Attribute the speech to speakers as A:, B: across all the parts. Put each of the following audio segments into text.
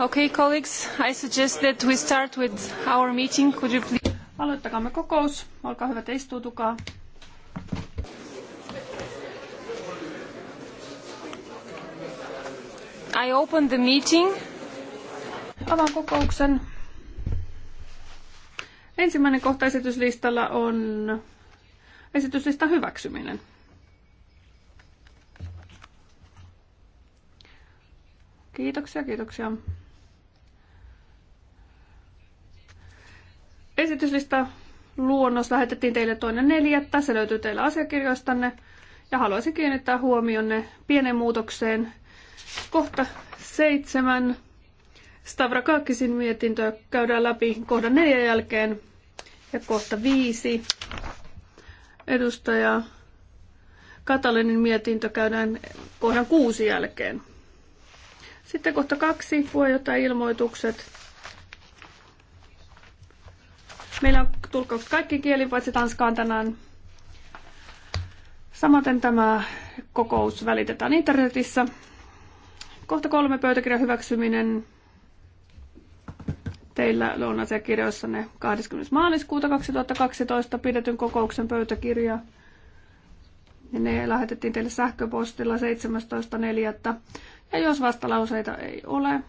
A: Okay, colleagues, I suggest that we start with our meeting. Could you please... Aloittakaamme kokous. Olkaa hyvät, istuutukaa. I open the meeting. Avaan kokouksen. Ensimmäinen kohta esityslistalla on esityslistan hyväksyminen. Kiitoksia, kiitoksia. Esityslista luonnos lähetettiin teille toinen neljättä. Se löytyy teillä asiakirjoistanne. Ja haluaisin kiinnittää huomionne pienen muutokseen. Kohta seitsemän Stavrakakisin mietintöä käydään läpi kohdan neljä jälkeen. Ja kohta viisi edustaja Katalinin mietintö käydään kohdan kuusi jälkeen. Sitten kohta kaksi, ilmoitukset. Meillä on tulkkaukset kaikki kieli, paitsi Tanskaan tänään. Samaten tämä kokous välitetään internetissä. Kohta kolme pöytäkirjan hyväksyminen teillä on ne 20. maaliskuuta 2012 pidetyn kokouksen pöytäkirja. Ja ne lähetettiin teille sähköpostilla 17.4. Ja jos vastalauseita ei ole,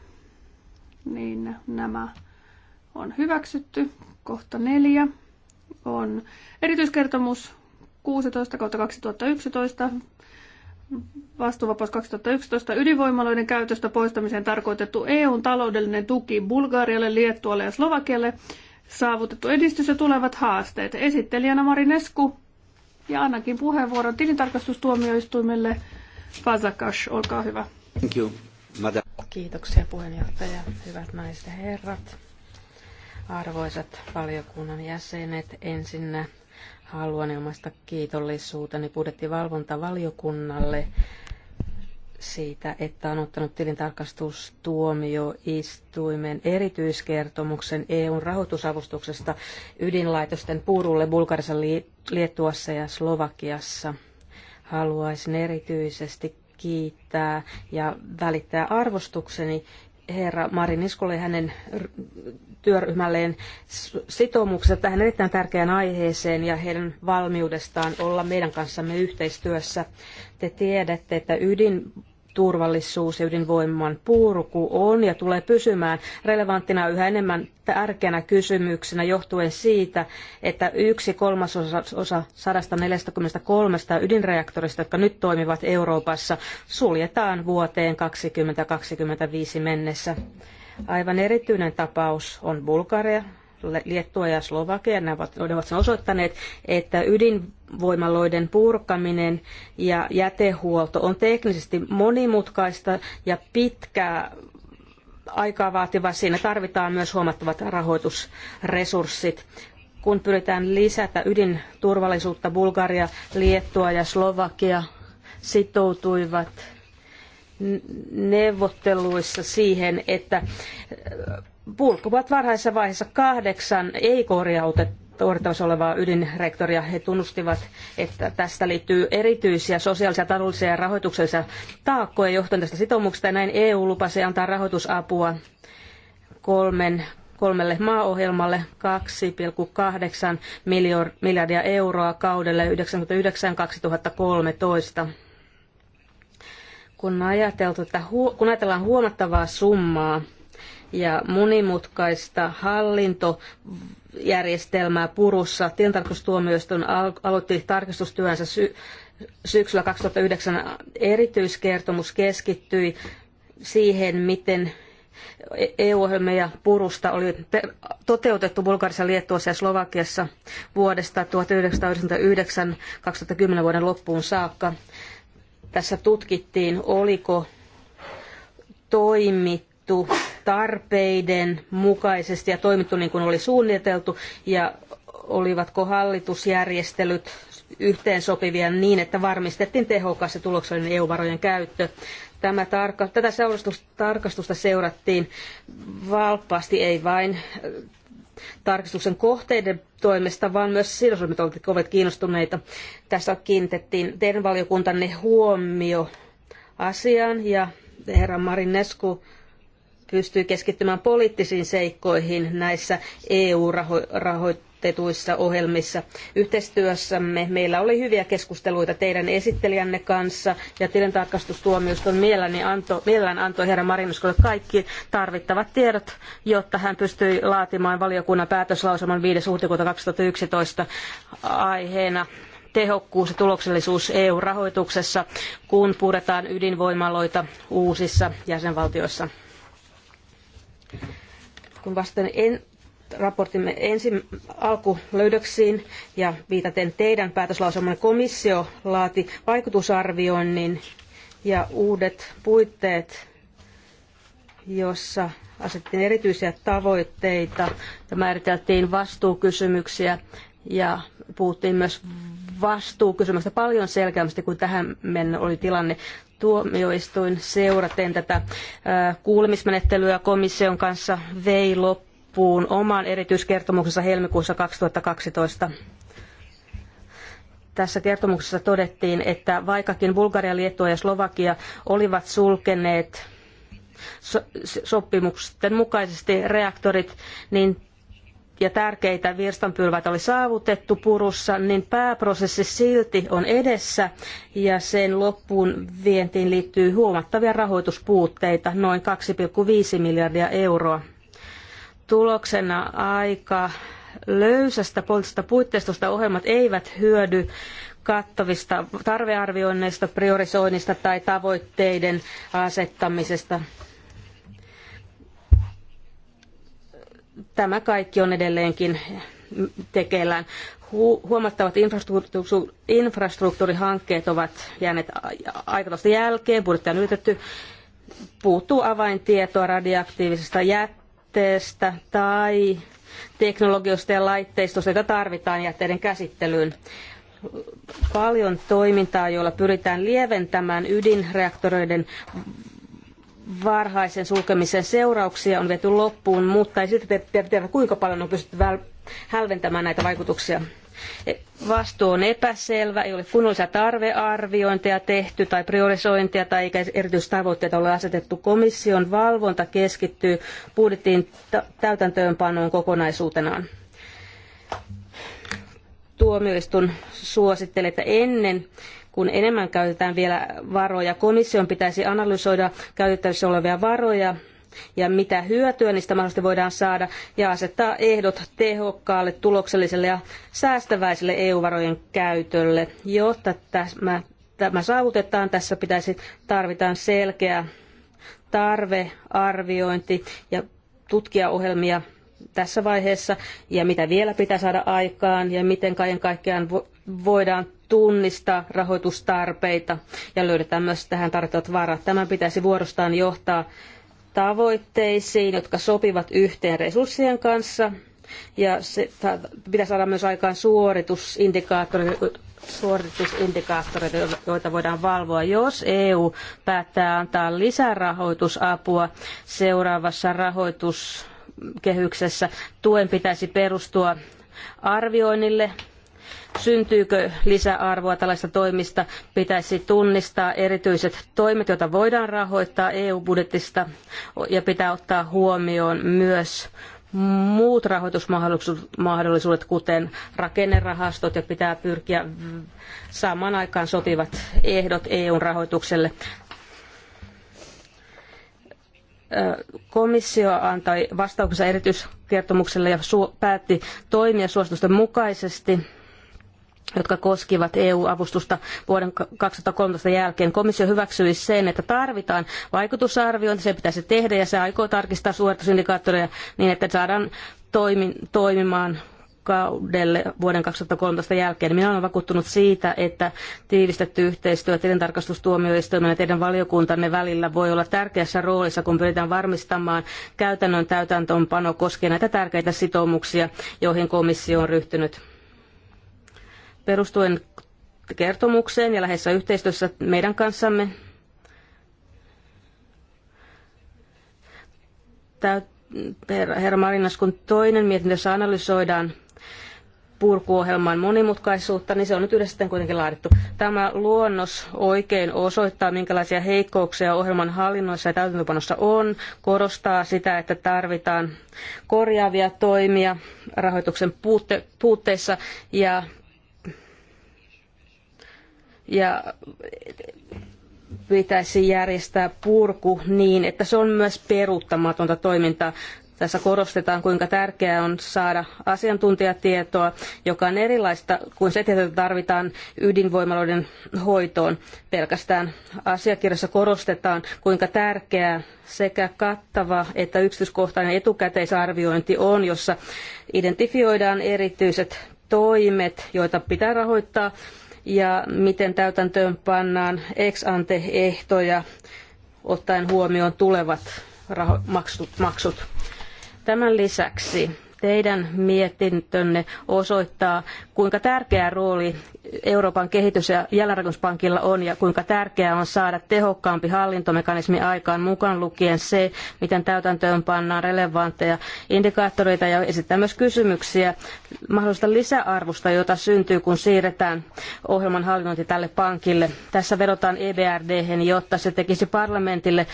A: niin nämä on hyväksytty. Kohta neljä on erityiskertomus 16 2011 vastuuvapaus 2011 ydinvoimaloiden käytöstä poistamiseen tarkoitettu EUn taloudellinen tuki Bulgarialle, Liettualle ja Slovakialle, saavutettu edistys ja tulevat haasteet. Esittelijänä Marinesku ja annakin puheenvuoron tilintarkastustuomioistuimelle. Fazakash, olkaa hyvä.
B: Thank you, madam. Kiitoksia puheenjohtaja, hyvät naiset ja herrat, arvoisat valiokunnan jäsenet. Ensinnä haluan ilmaista kiitollisuuteni budjettivalvontavaliokunnalle siitä, että on ottanut tilintarkastustuomioistuimen erityiskertomuksen EUn rahoitusavustuksesta ydinlaitosten purulle Bulgarissa, Liettuassa ja Slovakiassa. Haluaisin erityisesti kiittää ja välittää arvostukseni herra Mari Niskolle hänen työryhmälleen sitoumuksesta tähän erittäin tärkeään aiheeseen ja heidän valmiudestaan olla meidän kanssamme yhteistyössä. Te tiedätte, että ydin turvallisuus ja ydinvoiman purku on ja tulee pysymään relevanttina yhä enemmän tärkeänä kysymyksenä johtuen siitä, että yksi kolmasosa osa 143 ydinreaktorista, jotka nyt toimivat Euroopassa, suljetaan vuoteen 2025 mennessä. Aivan erityinen tapaus on Bulgaria, Liettua ja Slovakia, ne ovat, ne ovat sen osoittaneet, että ydinvoimaloiden purkaminen ja jätehuolto on teknisesti monimutkaista ja pitkää aikaa vaativa. Siinä tarvitaan myös huomattavat rahoitusresurssit kun pyritään lisätä ydinturvallisuutta, Bulgaria, Liettua ja Slovakia sitoutuivat neuvotteluissa siihen, että purkuvat varhaisessa vaiheessa kahdeksan ei korjautavassa olevaa ydinrektoria. He tunnustivat, että tästä liittyy erityisiä sosiaalisia, taloudellisia ja rahoituksellisia taakkoja johtuen tästä sitoumuksesta. Ja näin EU lupasi antaa rahoitusapua kolmen kolmelle maaohjelmalle 2,8 miljardia euroa kaudelle 1999-2013 kun, ajateltu, että kun ajatellaan huomattavaa summaa ja monimutkaista hallintojärjestelmää purussa, tilintarkastustuomioistuin aloitti tarkastustyönsä sy- syksyllä 2009 erityiskertomus keskittyi siihen, miten EU-ohjelmia purusta oli toteutettu Bulgarissa, Liettuassa ja Slovakiassa vuodesta 1999-2010 vuoden loppuun saakka tässä tutkittiin, oliko toimittu tarpeiden mukaisesti ja toimittu niin kuin oli suunniteltu ja olivatko hallitusjärjestelyt yhteensopivia niin, että varmistettiin tehokas ja tuloksellinen EU-varojen käyttö. Tämä tarka- tätä tarkastusta seurattiin valppaasti, ei vain tarkistuksen kohteiden toimesta, vaan myös sidosryhmät ovat kiinnostuneita. Tässä kiinnitettiin teidän valiokuntanne huomio asiaan ja herra Marinescu pystyy keskittymään poliittisiin seikkoihin näissä EU-rahoitteissa rahoitetuissa ohjelmissa. Yhteistyössämme meillä oli hyviä keskusteluita teidän esittelijänne kanssa ja tilintarkastustuomioistuin mielelläni antoi, mielellään antoi herra Marinoskolle kaikki tarvittavat tiedot, jotta hän pystyi laatimaan valiokunnan päätöslauselman 5. huhtikuuta 2011 aiheena tehokkuus ja tuloksellisuus EU-rahoituksessa, kun puretaan ydinvoimaloita uusissa jäsenvaltioissa. Kun vasten en raporttimme ensin alkulöydöksiin ja viitaten teidän päätöslauselman komissio laati vaikutusarvioinnin ja uudet puitteet, jossa asettiin erityisiä tavoitteita ja määriteltiin vastuukysymyksiä ja puhuttiin myös vastuukysymystä paljon selkeämmästi kuin tähän mennä oli tilanne. Tuomioistuin seuraten tätä kuulemismenettelyä komission kanssa vei loppuun loppuun oman erityiskertomuksensa helmikuussa 2012. Tässä kertomuksessa todettiin, että vaikkakin Bulgaria, Liettua ja Slovakia olivat sulkeneet so- sopimusten mukaisesti reaktorit, niin ja tärkeitä virstanpylväitä oli saavutettu Purussa, niin pääprosessi silti on edessä ja sen loppuun vientiin liittyy huomattavia rahoituspuutteita, noin 2,5 miljardia euroa tuloksena aika löysästä poliittisesta puitteistosta ohjelmat eivät hyödy kattavista tarvearvioinneista, priorisoinnista tai tavoitteiden asettamisesta. Tämä kaikki on edelleenkin tekeillään. huomattavat infrastruktuurihankkeet ovat jääneet aikataulusta jälkeen, budjetti on yritetty, puuttuu avaintietoa radioaktiivisesta jätteestä jätteestä tai teknologioista ja laitteistosta, joita tarvitaan jätteiden käsittelyyn. Paljon toimintaa, jolla pyritään lieventämään ydinreaktoreiden varhaisen sulkemisen seurauksia on viety loppuun, mutta ei silti tiedä, kuinka paljon on pystytty hälventämään näitä vaikutuksia. Vastuu on epäselvä, ei ole kunnollisia tarvearviointeja tehty tai priorisointia tai eikä erityistavoitteita ole asetettu. Komission valvonta keskittyy budjetin täytäntöönpanoon kokonaisuutenaan. Tuomioistun suosittelee, että ennen kun enemmän käytetään vielä varoja. Komission pitäisi analysoida käytettävissä olevia varoja ja mitä hyötyä niistä mahdollisesti voidaan saada ja asettaa ehdot tehokkaalle, tulokselliselle ja säästäväiselle EU-varojen käytölle. Jotta tämä, tämä saavutetaan, tässä pitäisi tarvitaan selkeä tarvearviointi ja tutkijaohjelmia tässä vaiheessa ja mitä vielä pitää saada aikaan ja miten kaiken kaikkiaan voidaan tunnistaa rahoitustarpeita ja löydetään myös tähän tarvittavat varat. Tämän pitäisi vuorostaan johtaa tavoitteisiin, jotka sopivat yhteen resurssien kanssa. Ja se, pitää saada myös aikaan suoritusindikaattoreita, suoritusindikaattoreita, joita voidaan valvoa. Jos EU päättää antaa lisärahoitusapua seuraavassa rahoituskehyksessä, tuen pitäisi perustua arvioinnille syntyykö lisäarvoa tällaista toimista, pitäisi tunnistaa erityiset toimet, joita voidaan rahoittaa EU-budjetista ja pitää ottaa huomioon myös muut rahoitusmahdollisuudet, kuten rakennerahastot, ja pitää pyrkiä saamaan aikaan sopivat ehdot EUn rahoitukselle. Komissio antoi vastauksensa erityiskertomukselle ja päätti toimia suositusten mukaisesti jotka koskivat EU-avustusta vuoden 2013 jälkeen. Komissio hyväksyi sen, että tarvitaan vaikutusarviointi, se pitäisi tehdä ja se aikoo tarkistaa suoritusindikaattoreja niin, että saadaan toimi, toimimaan kaudelle vuoden 2013 jälkeen. Minä olen vakuuttunut siitä, että tiivistetty yhteistyö tilintarkastustuomioistuimen ja teidän valiokuntanne välillä voi olla tärkeässä roolissa, kun pyritään varmistamaan käytännön täytäntöönpano koskien näitä tärkeitä sitoumuksia, joihin komissio on ryhtynyt perustuen kertomukseen ja läheisessä yhteistyössä meidän kanssamme herra Marinas kun toinen mietintö, analysoidaan purkuohjelman monimutkaisuutta, niin se on nyt yhdessä sitten kuitenkin laadittu. Tämä luonnos oikein osoittaa, minkälaisia heikkouksia ohjelman hallinnoissa ja täytäntöpanossa on, korostaa sitä, että tarvitaan korjaavia toimia rahoituksen puutte- puutteissa ja ja pitäisi järjestää purku niin, että se on myös peruuttamatonta toimintaa. Tässä korostetaan, kuinka tärkeää on saada asiantuntijatietoa, joka on erilaista kuin se tieto, jota tarvitaan ydinvoimaloiden hoitoon. Pelkästään asiakirjassa korostetaan, kuinka tärkeää sekä kattava että yksityiskohtainen etukäteisarviointi on, jossa identifioidaan erityiset toimet, joita pitää rahoittaa ja miten täytäntöön pannaan ex ante ehtoja ottaen huomioon tulevat maksut. Tämän lisäksi Teidän mietintönne osoittaa, kuinka tärkeä rooli Euroopan kehitys- ja jälleenrakennuspankilla on ja kuinka tärkeää on saada tehokkaampi hallintomekanismi aikaan mukaan lukien se, miten täytäntöön pannaan relevantteja indikaattoreita ja esittää myös kysymyksiä mahdollisesta lisäarvosta, jota syntyy, kun siirretään ohjelman hallinnointi tälle pankille. Tässä vedotaan EBRD, jotta se tekisi parlamentille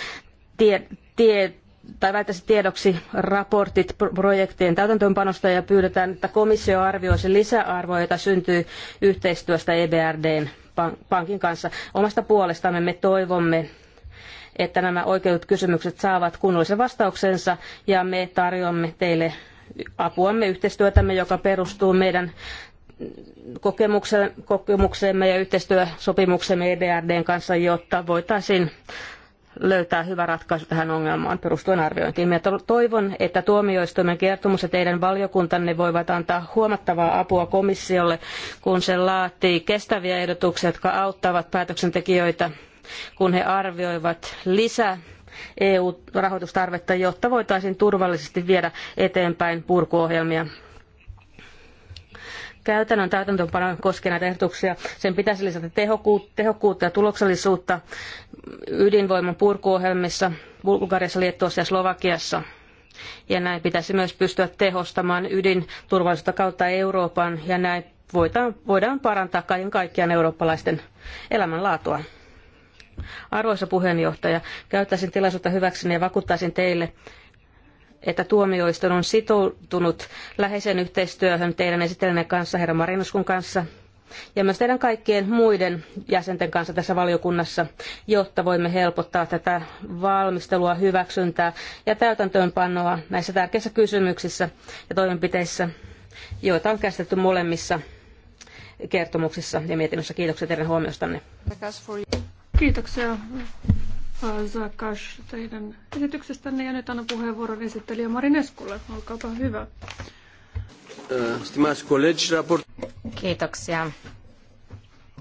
B: tie, tie tai väitäisi tiedoksi raportit projektien täytäntöönpanosta ja pyydetään, että komissio arvioisi lisäarvoa, jota syntyy yhteistyöstä EBRDn pankin kanssa. Omasta puolestamme me toivomme, että nämä oikeudet kysymykset saavat kunnollisen vastauksensa ja me tarjoamme teille apuamme yhteistyötämme, joka perustuu meidän kokemukseemme ja yhteistyösopimuksemme EBRDn kanssa, jotta voitaisiin löytää hyvä ratkaisu tähän ongelmaan perustuen arviointiin. Minä toivon, että tuomioistuimen kertomus ja teidän valiokuntanne voivat antaa huomattavaa apua komissiolle, kun se laatii kestäviä ehdotuksia, jotka auttavat päätöksentekijöitä, kun he arvioivat lisää EU-rahoitustarvetta, jotta voitaisiin turvallisesti viedä eteenpäin purkuohjelmia käytännön täytäntöönpano koskee näitä ehdotuksia. Sen pitäisi lisätä tehokkuutta ja tuloksellisuutta ydinvoiman purkuohjelmissa Bulgariassa, Liettuassa ja Slovakiassa. Ja näin pitäisi myös pystyä tehostamaan ydinturvallisuutta kautta Euroopan ja näin voidaan, voidaan parantaa kaiken kaikkiaan eurooppalaisten elämänlaatua. Arvoisa puheenjohtaja, käyttäisin tilaisuutta hyväkseni ja vakuuttaisin teille, että tuomioistuin on sitoutunut läheiseen yhteistyöhön teidän esittelijänne kanssa, herra Marinuskun kanssa, ja myös teidän kaikkien muiden jäsenten kanssa tässä valiokunnassa, jotta voimme helpottaa tätä valmistelua, hyväksyntää ja täytäntöönpanoa näissä tärkeissä kysymyksissä ja toimenpiteissä, joita on käsitelty molemmissa kertomuksissa ja mietinnössä. Kiitoksia teidän huomiostanne.
A: Kiitoksia Zakas teidän esityksestänne ja nyt annan puheenvuoron esittelijä Marin Eskulle. Olkaapa hyvä.
C: Kiitoksia.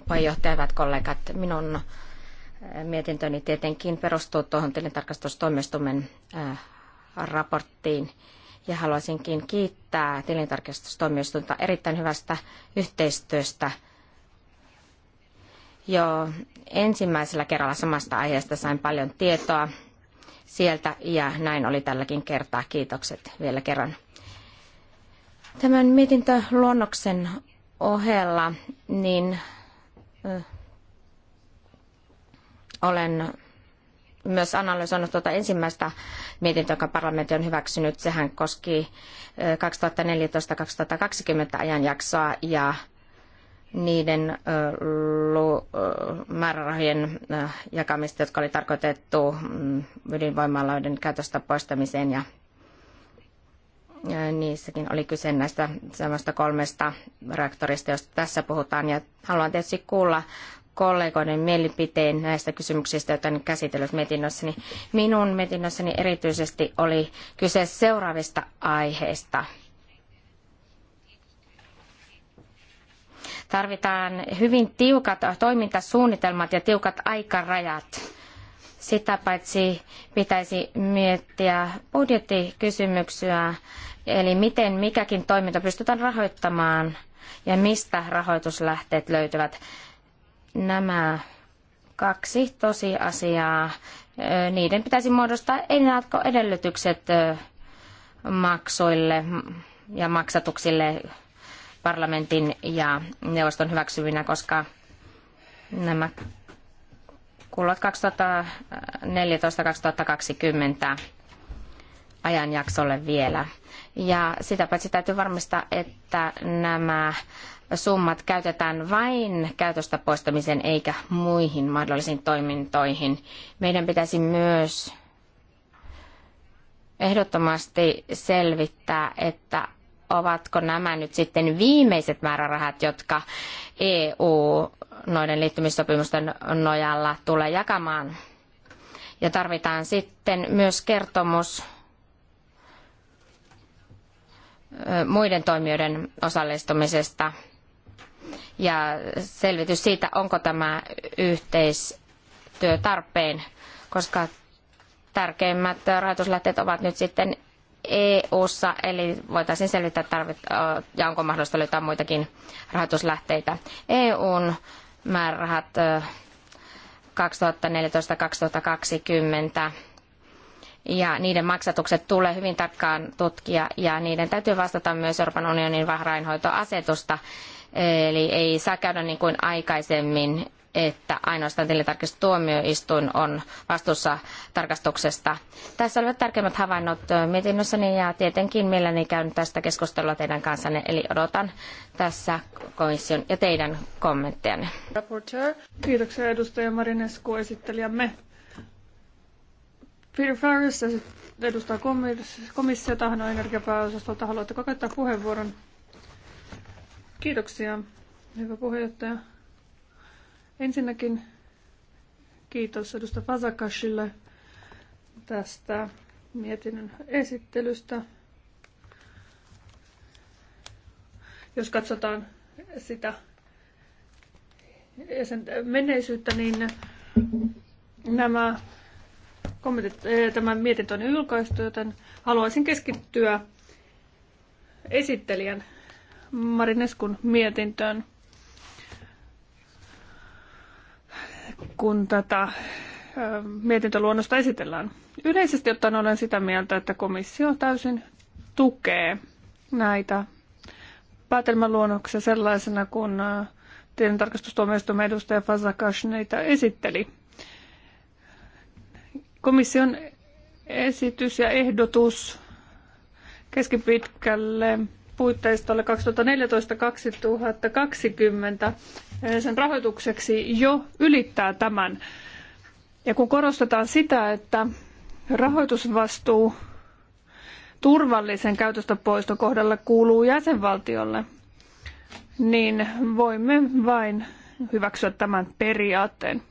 C: Puheenjohtaja, hyvät kollegat. Minun äh, mietintöni tietenkin perustuu tuohon tilintarkastustoimistomen äh, raporttiin ja haluaisinkin kiittää tilintarkastustoimistonta erittäin hyvästä yhteistyöstä. Jo ensimmäisellä kerralla samasta aiheesta sain paljon tietoa sieltä ja näin oli tälläkin kertaa. Kiitokset vielä kerran. Tämän mietintöluonnoksen ohella niin ö, olen myös analysoinut tuota ensimmäistä mietintöä, jonka parlamentti on hyväksynyt. Sehän koski 2014-2020 ajanjaksoa ja niiden määrärahojen jakamista, jotka oli tarkoitettu mm, ydinvoimaloiden käytöstä poistamiseen ja niissäkin oli kyse näistä semmoista kolmesta reaktorista, joista tässä puhutaan. Ja haluan tietysti kuulla kollegoiden mielipiteen näistä kysymyksistä, joita nyt käsitellyt mietinnössäni. Minun mietinnössäni erityisesti oli kyse seuraavista aiheista. Tarvitaan hyvin tiukat toimintasuunnitelmat ja tiukat aikarajat sitä paitsi pitäisi miettiä budjettikysymyksiä, eli miten mikäkin toiminta pystytään rahoittamaan ja mistä rahoituslähteet löytyvät. Nämä kaksi tosiasiaa, niiden pitäisi muodostaa ennakkoedellytykset maksuille ja maksatuksille parlamentin ja neuvoston hyväksyminä, koska nämä kuluvat 2014-2020 ajanjaksolle vielä. Ja sitä paitsi täytyy varmistaa, että nämä summat käytetään vain käytöstä poistamiseen eikä muihin mahdollisiin toimintoihin. Meidän pitäisi myös ehdottomasti selvittää, että ovatko nämä nyt sitten viimeiset määrärahat, jotka EU noiden liittymissopimusten nojalla tulee jakamaan. Ja tarvitaan sitten myös kertomus muiden toimijoiden osallistumisesta ja selvitys siitä, onko tämä yhteistyö tarpeen, koska tärkeimmät rahoituslähteet ovat nyt sitten EU-ssa, eli voitaisiin selvittää tarvit, ja onko mahdollista löytää muitakin rahoituslähteitä. EUn määrärahat 2014-2020 ja niiden maksatukset tulee hyvin tarkkaan tutkia ja niiden täytyy vastata myös Euroopan unionin vahrainhoitoasetusta. Eli ei saa käydä niin kuin aikaisemmin, että ainoastaan tilintarkastustuomioistuin on vastuussa tarkastuksesta. Tässä olivat tärkeimmät havainnot mietinnössäni ja tietenkin mielelläni käyn tästä keskustelua teidän kanssanne, eli odotan tässä komission ja teidän kommenttejanne.
A: Kiitoksia edustaja Marinesku esittelijämme. Peter Farris edustaa komissiota, on energiapääosastolta. Haluatteko käyttää puheenvuoron? Kiitoksia, hyvä puheenjohtaja. Ensinnäkin kiitos edustaja Fasakashille tästä mietinnön esittelystä. Jos katsotaan sitä menneisyyttä, niin nämä kommentit, eh, tämä mietintö on julkaistu, joten haluaisin keskittyä esittelijän Marineskun mietintöön. kun tätä mietintöluonnosta esitellään. Yleisesti ottaen olen sitä mieltä, että komissio täysin tukee näitä päätelmäluonnoksia sellaisena, kun tilintarkastustuomioistuimen edustaja Fazakash niitä esitteli. Komission esitys ja ehdotus keskipitkälle puitteistolle 2014-2020 sen rahoitukseksi jo ylittää tämän. Ja kun korostetaan sitä, että rahoitusvastuu turvallisen käytöstä poiston kohdalla kuuluu jäsenvaltiolle, niin voimme vain hyväksyä tämän periaatteen.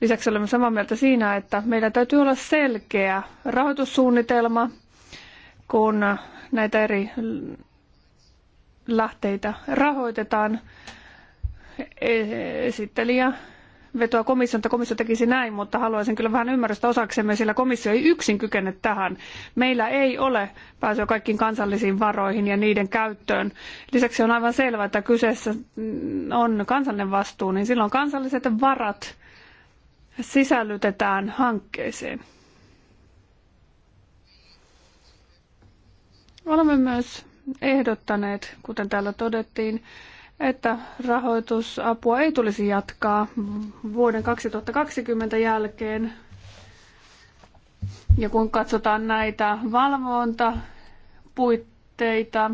A: Lisäksi olemme samaa mieltä siinä, että meillä täytyy olla selkeä rahoitussuunnitelma, kun näitä eri lähteitä rahoitetaan. E, esittelijä vetoa komissioon, että komissio tekisi näin, mutta haluaisin kyllä vähän ymmärrystä osaksemme, sillä komissio ei yksin kykene tähän. Meillä ei ole pääsyä kaikkiin kansallisiin varoihin ja niiden käyttöön. Lisäksi on aivan selvää, että kyseessä on kansallinen vastuu, niin silloin kansalliset varat sisällytetään hankkeeseen. Olemme myös ehdottaneet, kuten täällä todettiin, että rahoitusapua ei tulisi jatkaa vuoden 2020 jälkeen. Ja kun katsotaan näitä valvontapuitteita,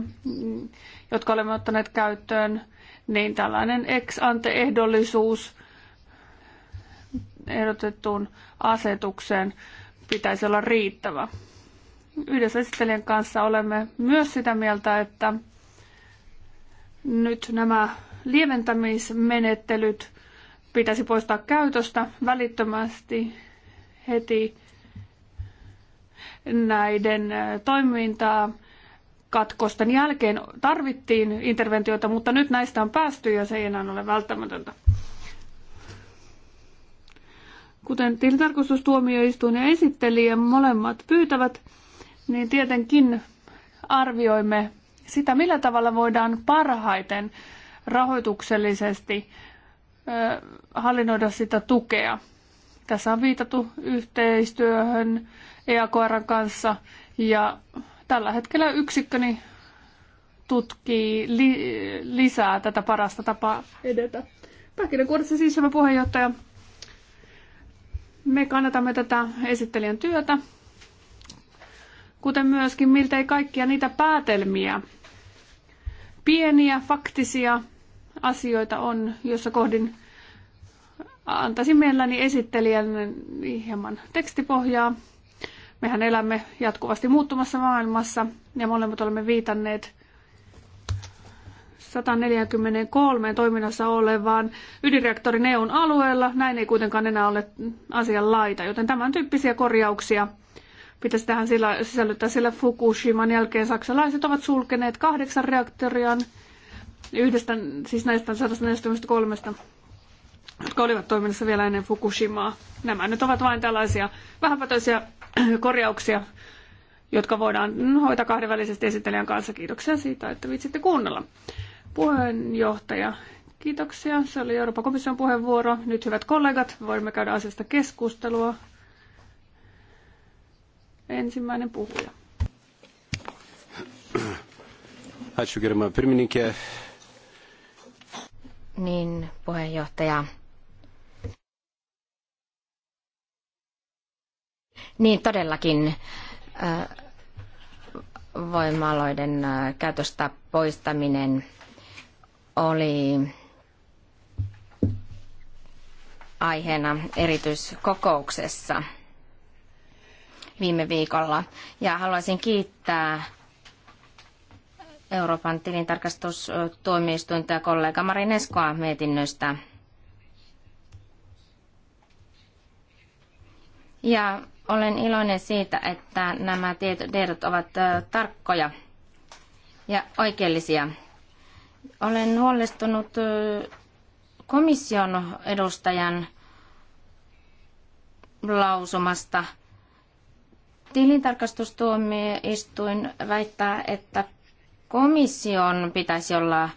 A: jotka olemme ottaneet käyttöön, niin tällainen ex ante ehdollisuus ehdotettuun asetukseen pitäisi olla riittävä. Yhdessä esittelijän kanssa olemme myös sitä mieltä, että nyt nämä lieventämismenettelyt pitäisi poistaa käytöstä välittömästi heti näiden toimintaa katkosten jälkeen tarvittiin interventioita, mutta nyt näistä on päästy ja se ei enää ole välttämätöntä. Kuten tilintarkastustuomioistuin ja esittelijä molemmat pyytävät, niin tietenkin arvioimme sitä, millä tavalla voidaan parhaiten rahoituksellisesti hallinnoida sitä tukea. Tässä on viitattu yhteistyöhön EAKRn kanssa ja tällä hetkellä yksikköni tutkii li- lisää tätä parasta tapaa edetä. kuudessa siis hyvä puheenjohtaja. Me kannatamme tätä esittelijän työtä kuten myöskin miltei kaikkia niitä päätelmiä. Pieniä faktisia asioita on, jossa kohdin antaisin mielelläni esittelijän hieman tekstipohjaa. Mehän elämme jatkuvasti muuttumassa maailmassa ja molemmat olemme viitanneet 143 toiminnassa olevaan ydinreaktorin EUn alueella. Näin ei kuitenkaan enää ole asian laita, joten tämän tyyppisiä korjauksia – pitäisi tähän sisällyttää, sillä Fukushiman jälkeen saksalaiset ovat sulkeneet kahdeksan reaktoriaan yhdestä, siis näistä 143, jotka olivat toiminnassa vielä ennen Fukushimaa. Nämä nyt ovat vain tällaisia vähäpätöisiä korjauksia, jotka voidaan hoitaa kahdenvälisesti esittelijän kanssa. Kiitoksia siitä, että viitsitte kuunnella. Puheenjohtaja, kiitoksia. Se oli Euroopan komission puheenvuoro. Nyt hyvät kollegat, voimme käydä asiasta keskustelua ensimmäinen puhuja. Ačiū gerima pirmininkė.
C: Niin, puheenjohtaja. Niin, todellakin äh, voimaloiden äh, käytöstä poistaminen oli aiheena erityiskokouksessa – viime viikolla. Ja haluaisin kiittää Euroopan tilintarkastustuomioistuinta ja kollega Marin mietinnöstä. Ja olen iloinen siitä, että nämä tiedot ovat tarkkoja ja oikeellisia. Olen huolestunut komission edustajan lausumasta – Tilintarkastustuomioistuin väittää, että komission pitäisi olla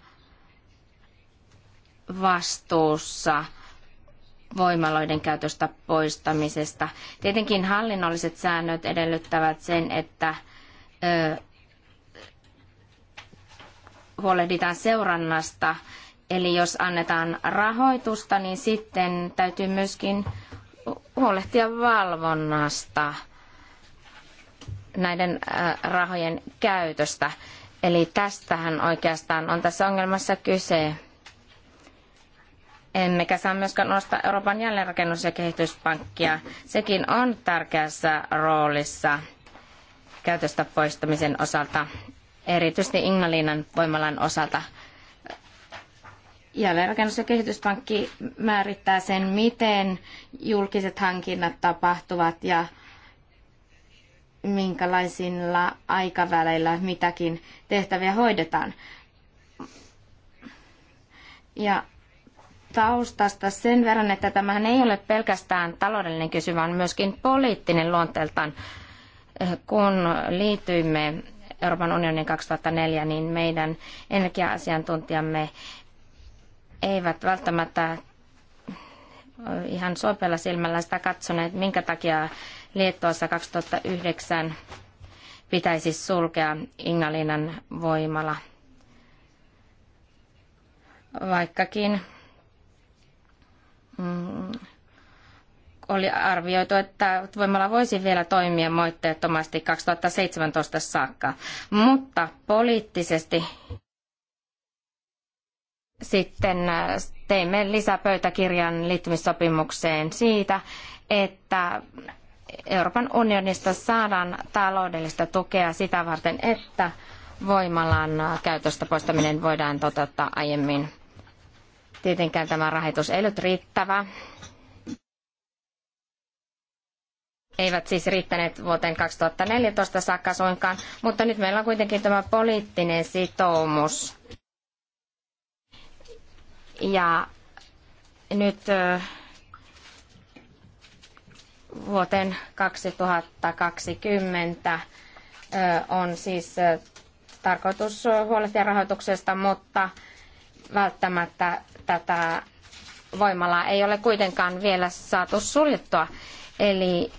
C: vastuussa voimaloiden käytöstä poistamisesta. Tietenkin hallinnolliset säännöt edellyttävät sen, että ö, huolehditaan seurannasta. Eli jos annetaan rahoitusta, niin sitten täytyy myöskin huolehtia valvonnasta näiden rahojen käytöstä. Eli tästähän oikeastaan on tässä ongelmassa kyse. Emmekä saa myöskään nostaa Euroopan jälleenrakennus- ja kehityspankkia. Sekin on tärkeässä roolissa käytöstä poistamisen osalta, erityisesti Ignalinan voimalan osalta. Jälleenrakennus- ja kehityspankki määrittää sen, miten julkiset hankinnat tapahtuvat ja minkälaisilla aikaväleillä mitäkin tehtäviä hoidetaan. Ja taustasta sen verran, että tämähän ei ole pelkästään taloudellinen kysymys, vaan myöskin poliittinen luonteeltaan. Kun liityimme Euroopan unionin 2004, niin meidän energiaasiantuntijamme eivät välttämättä ihan sopella silmällä sitä katsoneet, minkä takia Liettuassa 2009 pitäisi sulkea Ignalinan voimala. Vaikkakin mm, oli arvioitu, että voimalla voisi vielä toimia moitteettomasti 2017 saakka, mutta poliittisesti sitten äh, teimme lisäpöytäkirjan liittymissopimukseen siitä, että Euroopan unionista saadaan taloudellista tukea sitä varten, että voimalan käytöstä poistaminen voidaan toteuttaa aiemmin. Tietenkään tämä rahoitus ei ollut riittävä. Eivät siis riittäneet vuoteen 2014 saakka suinkaan, mutta nyt meillä on kuitenkin tämä poliittinen sitoumus. Ja nyt vuoteen 2020 on siis tarkoitus huolehtia rahoituksesta, mutta välttämättä tätä voimalaa ei ole kuitenkaan vielä saatu suljettua. Eli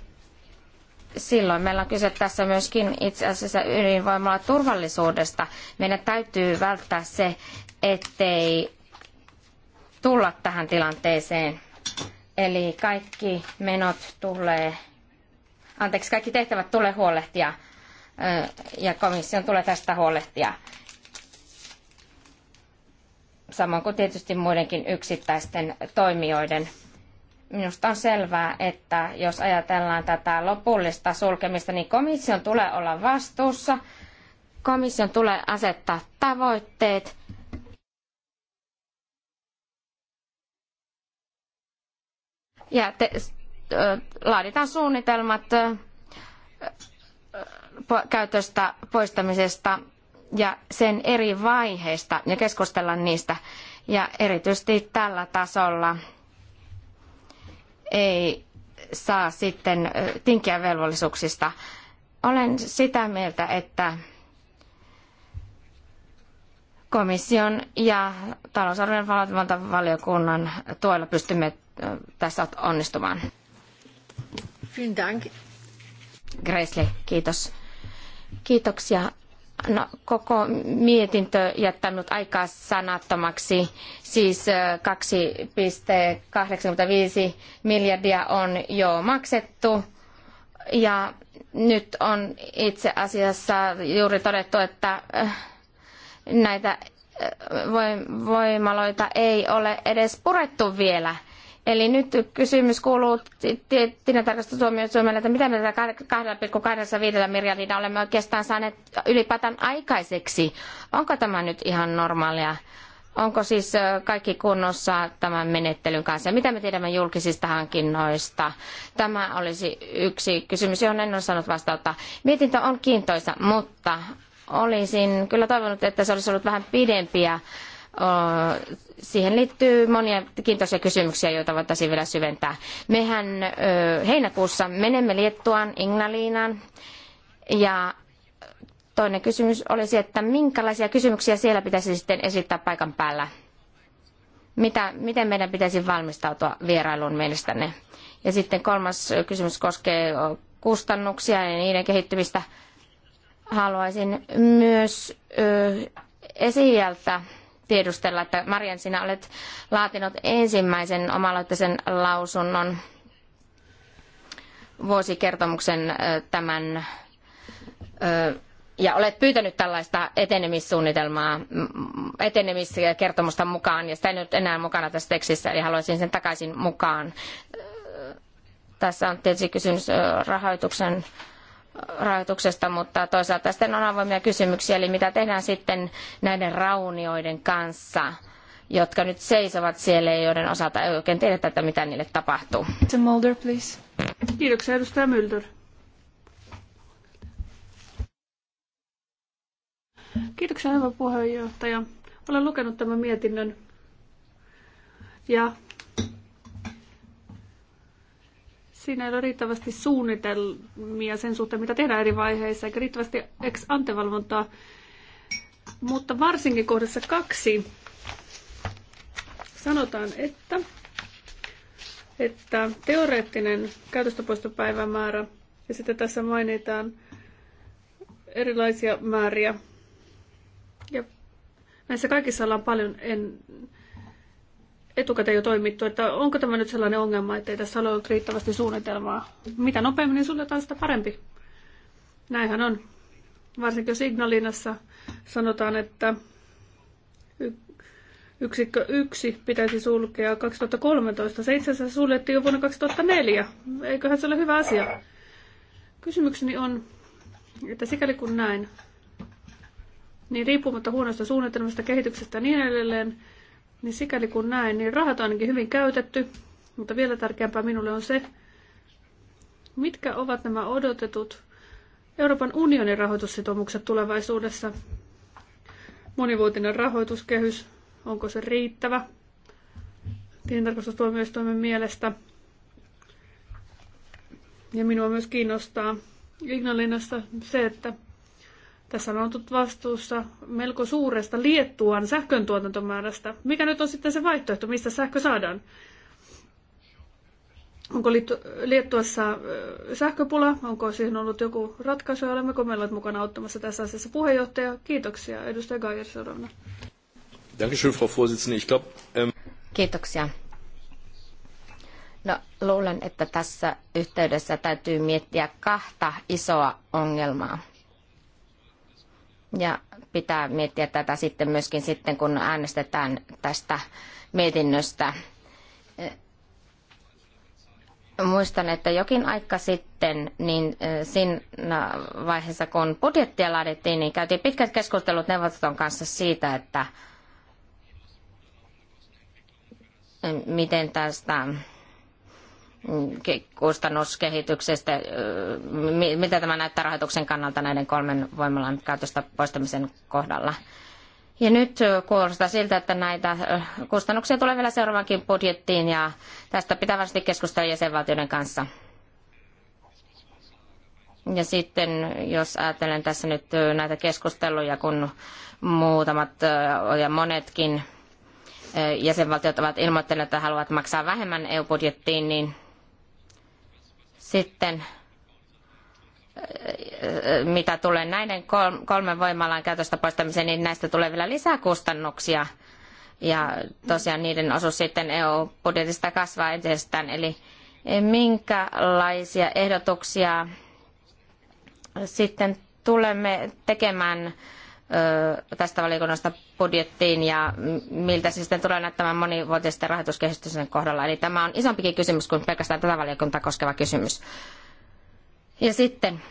C: silloin meillä on kyse tässä myöskin itse asiassa ydinvoimalla turvallisuudesta. Meidän täytyy välttää se, ettei tulla tähän tilanteeseen. Eli kaikki menot tulee, anteeksi, kaikki tehtävät tulee huolehtia ja komission tulee tästä huolehtia. Samoin kuin tietysti muidenkin yksittäisten toimijoiden. Minusta on selvää, että jos ajatellaan tätä lopullista sulkemista, niin komission tulee olla vastuussa. Komission tulee asettaa tavoitteet ja te, laaditaan suunnitelmat käytöstä poistamisesta ja sen eri vaiheista ja keskustella niistä. Ja erityisesti tällä tasolla ei saa sitten tinkiä velvollisuuksista. Olen sitä mieltä, että komission ja talousarvion valiokunnan tuella pystymme tässä onnistumaan. kiitos. Kiitoksia. No, koko mietintö jättänyt aikaa sanattomaksi. Siis 2,85 miljardia on jo maksettu. Ja nyt on itse asiassa juuri todettu, että näitä voimaloita ei ole edes purettu vielä – Eli nyt kysymys kuuluu tilintarkastustuomioistuimelle, että mitä me tätä 2,25 miljardia olemme oikeastaan saaneet ylipäätään aikaiseksi. Onko tämä nyt ihan normaalia? Onko siis kaikki kunnossa tämän menettelyn kanssa? mitä me tiedämme julkisista hankinnoista? Tämä olisi yksi kysymys, johon en ole saanut vastausta. Mietintö on kiintoisa, mutta olisin kyllä toivonut, että se olisi ollut vähän pidempiä siihen liittyy monia kiintoisia kysymyksiä, joita voitaisiin vielä syventää. Mehän heinäkuussa menemme Liettuaan, Ignaliinaan ja toinen kysymys olisi, että minkälaisia kysymyksiä siellä pitäisi sitten esittää paikan päällä? Mitä, miten meidän pitäisi valmistautua vierailuun mielestänne? Ja sitten kolmas kysymys koskee kustannuksia ja niiden kehittymistä. Haluaisin myös ö, tiedustella, että Marian, sinä olet laatinut ensimmäisen omaloitteisen lausunnon vuosikertomuksen tämän ja olet pyytänyt tällaista etenemissuunnitelmaa, etenemiskertomusta mukaan, ja sitä ei nyt enää mukana tässä tekstissä, eli haluaisin sen takaisin mukaan. Tässä on tietysti kysymys rahoituksen rajoituksesta, mutta toisaalta sitten on avoimia kysymyksiä, eli mitä tehdään sitten näiden raunioiden kanssa, jotka nyt seisovat siellä ja joiden osalta ei oikein tiedetä, että mitä niille tapahtuu.
A: Mulder, please. Kiitoksia, edustaja Mulder. Kiitoksia, hyvä puheenjohtaja. Olen lukenut tämän mietinnön ja siinä ei ole riittävästi suunnitelmia sen suhteen, mitä tehdään eri vaiheissa, eikä riittävästi ex antevalvontaa. Mutta varsinkin kohdassa kaksi sanotaan, että, että teoreettinen käytöstä ja sitten tässä mainitaan erilaisia määriä. Ja näissä kaikissa ollaan paljon en, etukäteen jo toimittu, että onko tämä nyt sellainen ongelma, että ei tässä ole ollut riittävästi suunnitelmaa. Mitä nopeammin niin suljetaan, sitä parempi. Näinhän on. Varsinkin jos Ignalinassa sanotaan, että yksikkö 1 pitäisi sulkea 2013. Se itse asiassa suljettiin jo vuonna 2004. Eiköhän se ole hyvä asia. Kysymykseni on, että sikäli kun näin, niin riippumatta huonosta suunnitelmasta, kehityksestä ja niin edelleen, niin sikäli kun näen, niin rahat on ainakin hyvin käytetty, mutta vielä tärkeämpää minulle on se, mitkä ovat nämä odotetut Euroopan unionin rahoitussitoumukset tulevaisuudessa. Monivuotinen rahoituskehys, onko se riittävä? Tilintarkastustuomioistuimen mielestä. Ja minua myös kiinnostaa Ignalinassa se, että tässä on oltu vastuussa melko suuresta Liettuan sähkön tuotantomäärästä. Mikä nyt on sitten se vaihtoehto, mistä sähkö saadaan? Onko Liettuassa sähköpula? Onko siihen ollut joku ratkaisu? Olemmeko me olleet mukana auttamassa tässä asiassa puheenjohtaja? Kiitoksia. Edustaja Gajer seuraavana.
C: Ähm, kiitoksia. No, luulen, että tässä yhteydessä täytyy miettiä kahta isoa ongelmaa. Ja pitää miettiä tätä sitten myöskin sitten, kun äänestetään tästä mietinnöstä. Muistan, että jokin aika sitten, niin siinä vaiheessa kun budjettia laadittiin, niin käytiin pitkät keskustelut neuvoston kanssa siitä, että miten tästä kustannuskehityksestä, mitä tämä näyttää rahoituksen kannalta näiden kolmen voimalan käytöstä poistamisen kohdalla. Ja nyt kuulostaa siltä, että näitä kustannuksia tulee vielä seuraavankin budjettiin ja tästä pitää varmasti keskustella jäsenvaltioiden kanssa. Ja sitten jos ajattelen tässä nyt näitä keskusteluja, kun muutamat ja monetkin jäsenvaltiot ovat ilmoittaneet, että haluavat maksaa vähemmän EU-budjettiin, niin sitten äh, mitä tulee näiden kolmen voimalan käytöstä poistamiseen, niin näistä tulee vielä lisää kustannuksia. Ja tosiaan niiden osuus sitten EU-budjetista kasvaa entisestään. Eli eh, minkälaisia ehdotuksia sitten tulemme tekemään tästä valiokunnasta budjettiin ja miltä se sitten tulee näyttämään monivuotisten rahoituskehitysten kohdalla. Eli tämä on isompikin kysymys kuin pelkästään tätä valiokuntaa koskeva kysymys. Ja sitten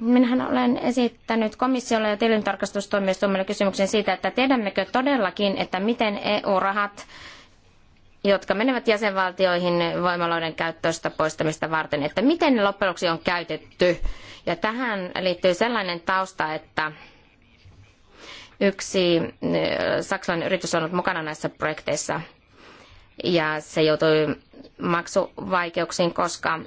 C: Minähän olen esittänyt komissiolle ja tilintarkastustoimistoimelle kysymyksen siitä, että tiedämmekö todellakin, että miten EU-rahat, jotka menevät jäsenvaltioihin voimaloiden käyttöstä poistamista varten, että miten ne loppujen lopuksi on käytetty. Ja tähän liittyy sellainen tausta, että yksi eh, saksalainen yritys on ollut mukana näissä projekteissa ja se joutui maksuvaikeuksiin, koska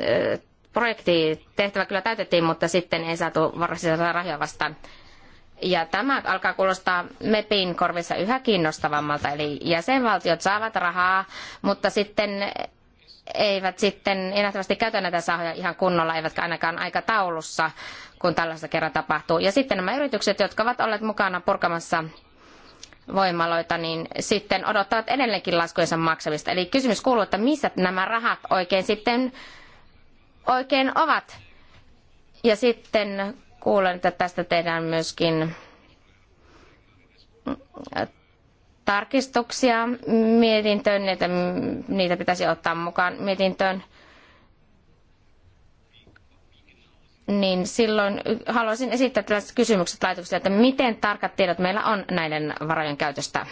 C: eh, projekti tehtävä kyllä täytettiin, mutta sitten ei saatu varsinaisia rahoja vastaan. Ja tämä alkaa kuulostaa MEPin korvissa yhä kiinnostavammalta, eli jäsenvaltiot saavat rahaa, mutta sitten eivät sitten enää käytä näitä sahoja ihan kunnolla, eivätkä ainakaan aikataulussa kun tällaista kerran tapahtuu. Ja sitten nämä yritykset, jotka ovat olleet mukana purkamassa voimaloita, niin sitten odottavat edelleenkin laskujensa maksamista. Eli kysymys kuuluu, että missä nämä rahat oikein sitten oikein ovat. Ja sitten kuulen, että tästä tehdään myöskin äh, tarkistuksia mietintöön, niitä, niitä pitäisi ottaa mukaan mietintöön. niin silloin haluaisin esittää tällaiset kysymykset laitokselle, että miten tarkat tiedot meillä on näiden varojen käytöstä.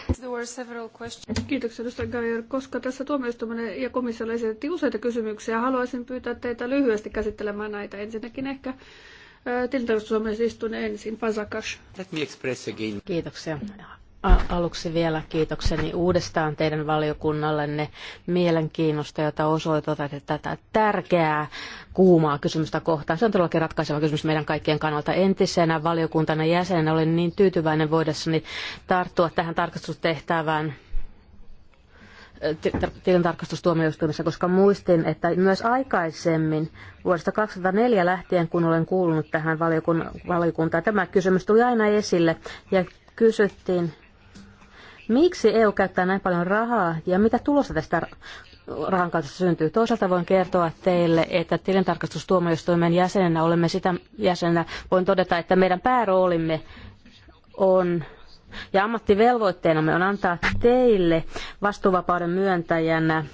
A: Kiitoksia edustaja Gajer. Koska tässä tuomioistuimen ja komissiolle esitettiin useita kysymyksiä, haluaisin pyytää teitä lyhyesti käsittelemään näitä. Ensinnäkin ehkä tilintarkastusomaisuus istun ensin. Pasakas.
B: Kiitoksia. Aluksi vielä kiitokseni uudestaan teidän valiokunnallenne mielenkiinnosta, jota osoitatte tätä tärkeää kuumaa kysymystä kohtaan. Se on todellakin ratkaiseva kysymys meidän kaikkien kannalta. Entisenä valiokuntana jäsenenä olen niin tyytyväinen voidessani tarttua tähän tarkastustehtävään tilintarkastustuomioistuimessa, koska muistin, että myös aikaisemmin vuodesta 2004 lähtien, kun olen kuulunut tähän valiokuntaan, tämä kysymys tuli aina esille ja kysyttiin Miksi EU käyttää näin paljon rahaa ja mitä tulosta tästä rahan kautta syntyy. Toisaalta voin kertoa teille, että tilintarkastustuomioistuimen jäsenenä olemme sitä jäsenenä. Voin todeta, että meidän pääroolimme on ja ammattivelvoitteenamme on antaa teille vastuuvapauden myöntäjänä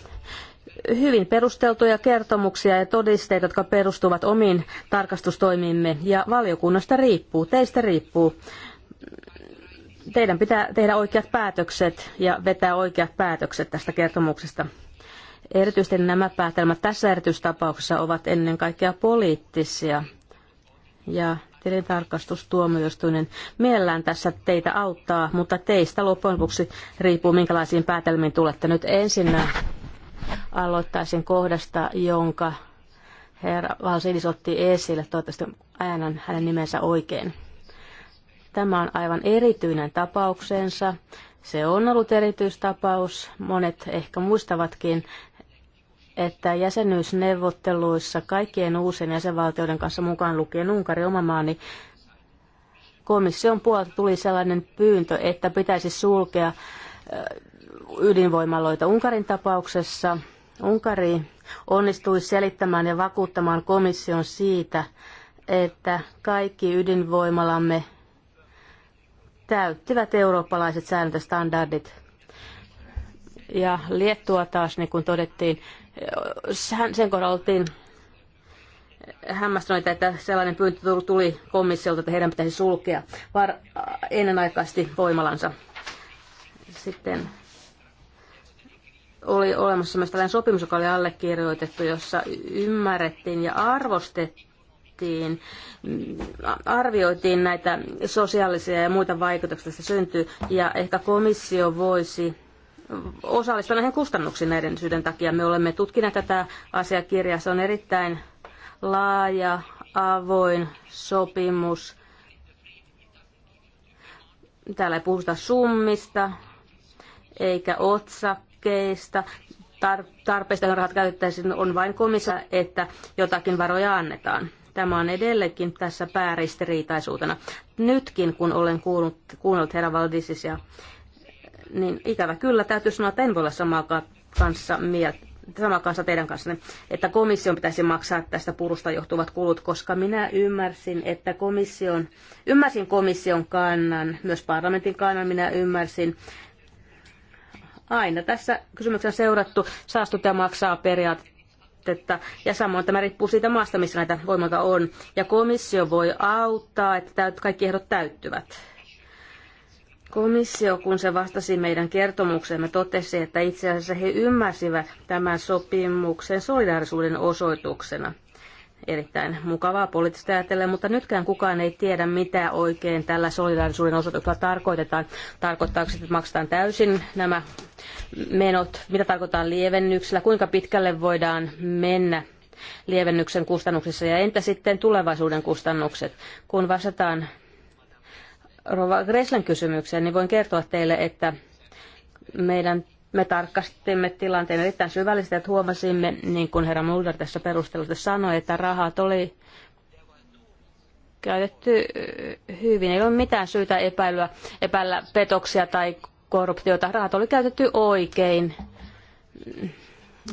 B: hyvin perusteltuja kertomuksia ja todisteita, jotka perustuvat omiin tarkastustoimiimme ja valiokunnasta riippuu, teistä riippuu, teidän pitää tehdä oikeat päätökset ja vetää oikeat päätökset tästä kertomuksesta. Erityisesti nämä päätelmät tässä erityistapauksessa ovat ennen kaikkea poliittisia. Ja tilintarkastustuomioistuinen mielellään tässä teitä auttaa, mutta teistä loppujen lopuksi riippuu minkälaisiin päätelmiin tulette. Nyt ensin aloittaisin kohdasta, jonka herra Valsidis otti esille. Toivottavasti äänän hänen nimensä oikein. Tämä on aivan erityinen tapauksensa. Se on ollut erityistapaus. Monet ehkä muistavatkin, että jäsenyysneuvotteluissa kaikkien uusien jäsenvaltioiden kanssa mukaan lukien Unkari oma maani komission puolelta tuli sellainen pyyntö, että pitäisi sulkea ydinvoimaloita Unkarin tapauksessa. Unkari onnistui selittämään ja vakuuttamaan komission siitä, että kaikki ydinvoimalamme täyttivät eurooppalaiset sääntöstandardit. ja Ja Liettua taas, niin kuin todettiin, sen kohdalla oltiin hämmästyneitä, että sellainen pyyntö tuli komissiolta, että heidän pitäisi sulkea var- ennenaikaisesti voimalansa. Sitten oli olemassa myös tällainen sopimus, joka oli allekirjoitettu, jossa ymmärrettiin ja arvostettiin tutkittiin, arvioitiin näitä sosiaalisia ja muita vaikutuksia, joista syntyy, ja ehkä komissio voisi osallistua näihin kustannuksiin näiden syiden takia. Me olemme tutkineet tätä asiakirjaa. Se on erittäin laaja, avoin sopimus. Täällä ei puhuta summista eikä otsakkeista. Tar- tarpeista, joihin rahat käytettäisiin, on vain komissa, että jotakin varoja annetaan. Tämä on edelleenkin tässä pääristiriitaisuutena. Nytkin, kun olen kuullut, kuunnellut herra Valdisisia, niin ikävä kyllä täytyy sanoa, että en voi olla samaa kanssa mieltä sama kanssa teidän kanssa, että komission pitäisi maksaa tästä purusta johtuvat kulut, koska minä ymmärsin, että komission, ymmärsin komission kannan, myös parlamentin kannan minä ymmärsin, aina tässä kysymyksessä on seurattu saastuttaja maksaa periaate tuotetta. Ja samoin tämä riippuu siitä maasta, missä näitä voimata on. Ja komissio voi auttaa, että kaikki ehdot täyttyvät. Komissio, kun se vastasi meidän kertomuksemme, totesi, että itse asiassa he ymmärsivät tämän sopimuksen solidaarisuuden osoituksena erittäin mukavaa poliittista ajatellen, mutta nytkään kukaan ei tiedä, mitä oikein tällä solidaarisuuden osoituksella tarkoitetaan. Tarkoittaako että maksetaan täysin nämä menot, mitä tarkoitetaan lievennyksellä, kuinka pitkälle voidaan mennä lievennyksen kustannuksissa ja entä sitten tulevaisuuden kustannukset, kun vastataan Rova Greslen kysymykseen, niin voin kertoa teille, että meidän me tarkastimme tilanteen erittäin syvällisesti, että huomasimme, niin kuin herra Mulder tässä perustelussa sanoi, että rahat oli käytetty hyvin. Ei ole mitään syytä epäilyä, epäillä petoksia tai korruptiota. Rahat oli käytetty oikein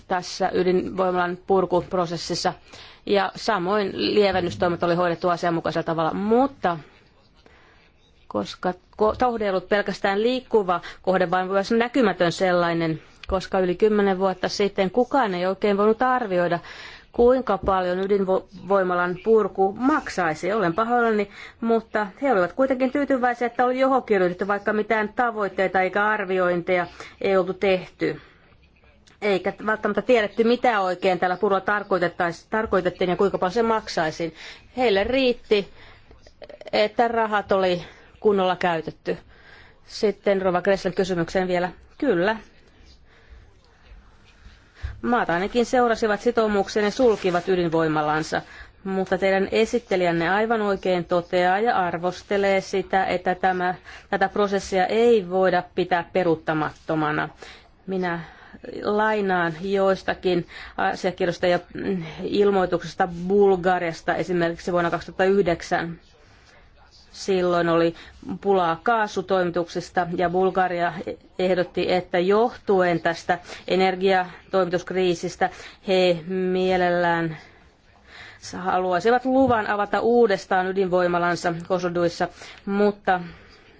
B: tässä ydinvoimalan purkuprosessissa. Ja samoin lievennystoimet oli hoidettu asianmukaisella tavalla, mutta koska tauhde ei ollut pelkästään liikkuva kohde, vaan myös näkymätön sellainen, koska yli kymmenen vuotta sitten kukaan ei oikein voinut arvioida, kuinka paljon ydinvoimalan purku maksaisi. Olen pahoillani, mutta he olivat kuitenkin tyytyväisiä, että oli johonkin ryhdytty, vaikka mitään tavoitteita eikä arviointeja ei oltu tehty. Eikä välttämättä tiedetty, mitä oikein tällä purulla tarkoitettiin ja kuinka paljon se maksaisi. Heille riitti, että rahat oli kunnolla käytetty. Sitten Rova Gressel kysymykseen vielä. Kyllä. Maat ainakin seurasivat sitoumuksen ja sulkivat ydinvoimalansa, mutta teidän esittelijänne aivan oikein toteaa ja arvostelee sitä, että tämä, tätä prosessia ei voida pitää peruuttamattomana. Minä lainaan joistakin asiakirjoista ja ilmoituksesta Bulgariasta esimerkiksi vuonna 2009 Silloin oli pulaa kaasutoimituksista ja Bulgaria ehdotti, että johtuen tästä energiatoimituskriisistä he mielellään haluaisivat luvan avata uudestaan ydinvoimalansa Kosoduissa, mutta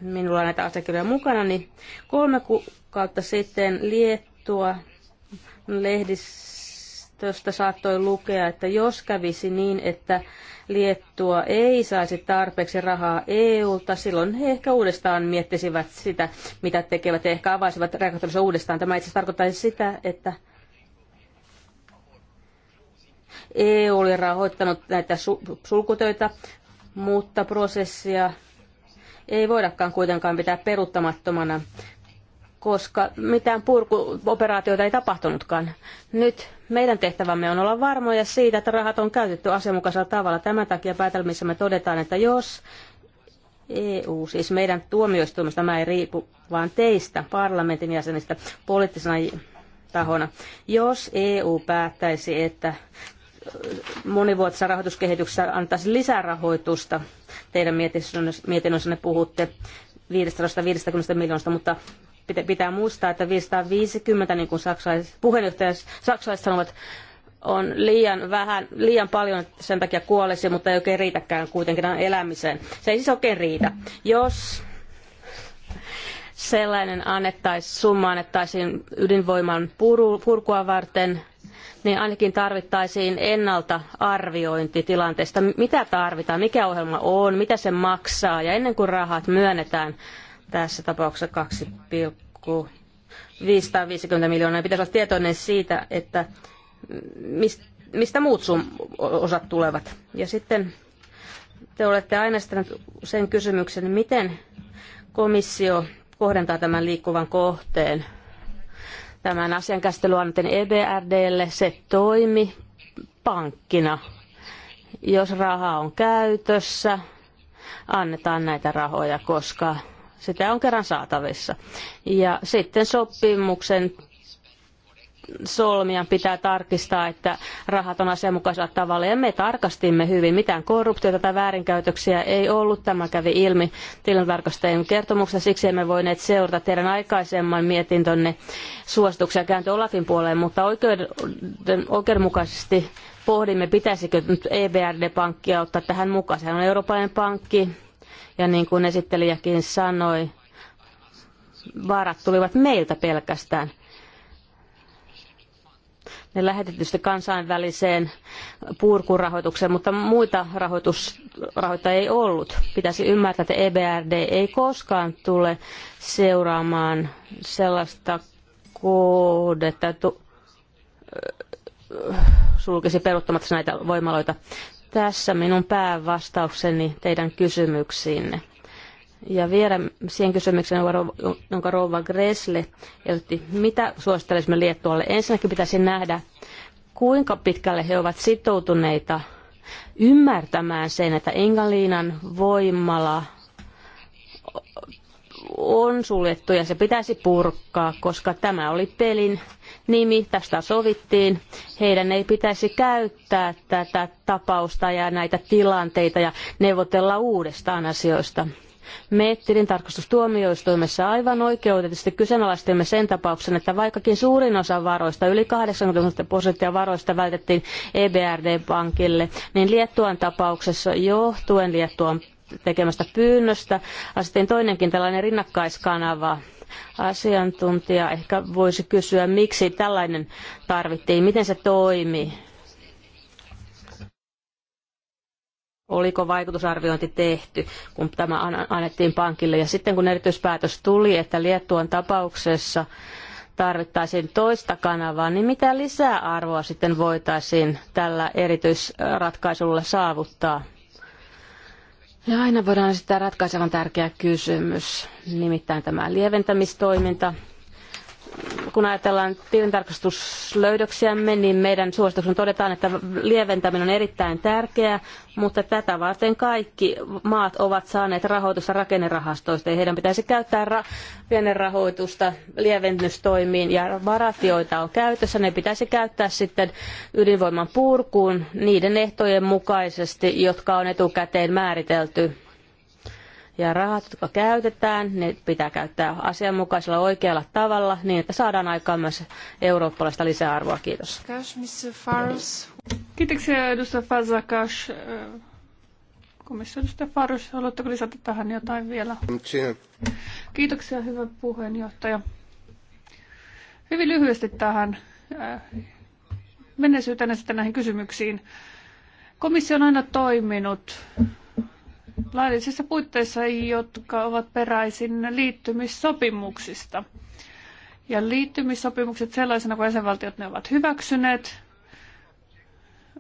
B: minulla on näitä asiakirjoja mukana, niin kolme kuukautta sitten Liettua lehdissä josta saattoi lukea, että jos kävisi niin, että Liettua ei saisi tarpeeksi rahaa EUlta, silloin he ehkä uudestaan miettisivät sitä, mitä tekevät. ehkä avaisivat reaktorissa uudestaan. Tämä itse asiassa tarkoittaisi sitä, että EU oli rahoittanut näitä sulkutöitä, mutta prosessia ei voidakaan kuitenkaan pitää peruuttamattomana, koska mitään purkuoperaatioita ei tapahtunutkaan. Nyt meidän tehtävämme on olla varmoja siitä, että rahat on käytetty asianmukaisella tavalla. Tämän takia päätelmissä me todetaan, että jos EU, siis meidän tuomioistuimesta, mä ei riipu, vaan teistä, parlamentin jäsenistä, poliittisena tahona. Jos EU päättäisi, että monivuotisessa rahoituskehityksessä antaisi lisärahoitusta, teidän mietinnössänne puhutte 550 miljoonasta, mutta pitää muistaa, että 550, niin kuin saksalaiset, puheenjohtajat saksalaiset sanovat, on liian vähän, liian paljon sen takia kuolisi, mutta ei oikein riitäkään kuitenkin elämiseen. Se ei siis oikein riitä. Jos sellainen annettaisiin, summa annettaisiin ydinvoiman purkua varten, niin ainakin tarvittaisiin ennalta arviointi tilanteesta, mitä tarvitaan, mikä ohjelma on, mitä se maksaa ja ennen kuin rahat myönnetään, tässä tapauksessa 2,550 miljoonaa. Pitäisi olla tietoinen siitä, että mistä muut sun osat tulevat. Ja sitten te olette aina sen kysymyksen, miten komissio kohdentaa tämän liikkuvan kohteen. Tämän asian käsittely annettiin EBRDlle. Se toimi pankkina. Jos rahaa on käytössä, annetaan näitä rahoja, koska sitä on kerran saatavissa. Ja sitten sopimuksen solmijan pitää tarkistaa, että rahat on asianmukaisella tavalla. Ja me tarkastimme hyvin, mitään korruptiota tai väärinkäytöksiä ei ollut. Tämä kävi ilmi tilintarkastajien kertomuksessa, siksi emme voineet seurata teidän aikaisemman mietintönne suosituksia käänty Olafin puoleen, mutta oikeuden, oikeudenmukaisesti pohdimme, pitäisikö nyt EBRD-pankkia ottaa tähän mukaan. Sehän on Euroopan pankki, ja niin kuin esittelijäkin sanoi, vaarat tulivat meiltä pelkästään. Ne lähetetysti kansainväliseen purkurahoitukseen, mutta muita rahoitusrahoita ei ollut. Pitäisi ymmärtää, että EBRD ei koskaan tule seuraamaan sellaista koodetta, sulkisi peruuttamatta näitä voimaloita. Tässä minun päävastaukseni teidän kysymyksiinne. Ja vielä siihen kysymykseen, jonka Rouva Gressle ehdotti, mitä suosittelisimme Liettualle. Ensinnäkin pitäisi nähdä, kuinka pitkälle he ovat sitoutuneita ymmärtämään sen, että Engaliinan voimala on suljettu ja se pitäisi purkaa, koska tämä oli pelin nimi, tästä sovittiin. Heidän ei pitäisi käyttää tätä tapausta ja näitä tilanteita ja neuvotella uudestaan asioista. Me tilintarkastustuomioistuimessa aivan oikeutetusti kyseenalaistimme sen tapauksen, että vaikkakin suurin osa varoista, yli 80 prosenttia varoista vältettiin EBRD-pankille, niin Liettuan tapauksessa johtuen Liettuan tekemästä pyynnöstä asettiin toinenkin tällainen rinnakkaiskanava, Asiantuntija ehkä voisi kysyä, miksi tällainen tarvittiin, miten se toimi. Oliko vaikutusarviointi tehty, kun tämä annettiin pankille. Ja sitten kun erityispäätös tuli, että Liettuan tapauksessa tarvittaisiin toista kanavaa, niin mitä lisäarvoa sitten voitaisiin tällä erityisratkaisulla saavuttaa? Ja aina voidaan sitä ratkaisevan tärkeä kysymys, nimittäin tämä lieventämistoiminta, kun ajatellaan tilintarkastuslöydöksiämme, niin meidän suosituksen todetaan, että lieventäminen on erittäin tärkeää, mutta tätä varten kaikki maat ovat saaneet rahoitusta rakennerahastoista ja heidän pitäisi käyttää ra- rahoitusta ja varat, joita on käytössä, ne pitäisi käyttää sitten ydinvoiman purkuun niiden ehtojen mukaisesti, jotka on etukäteen määritelty ja rahat, jotka käytetään, ne pitää käyttää asianmukaisella oikealla tavalla niin, että saadaan aikaan myös eurooppalaista lisäarvoa. Kiitos.
A: Kiitoksia edustaja Fazakas. Komissio edustaja Farus, haluatteko lisätä tähän jotain vielä? Kiitoksia, hyvä puheenjohtaja. Hyvin lyhyesti tähän äh, menneisyyteen ja sitten näihin kysymyksiin. Komissio on aina toiminut laillisissa puitteissa, jotka ovat peräisin liittymissopimuksista. Ja liittymissopimukset sellaisena kuin jäsenvaltiot ne ovat hyväksyneet,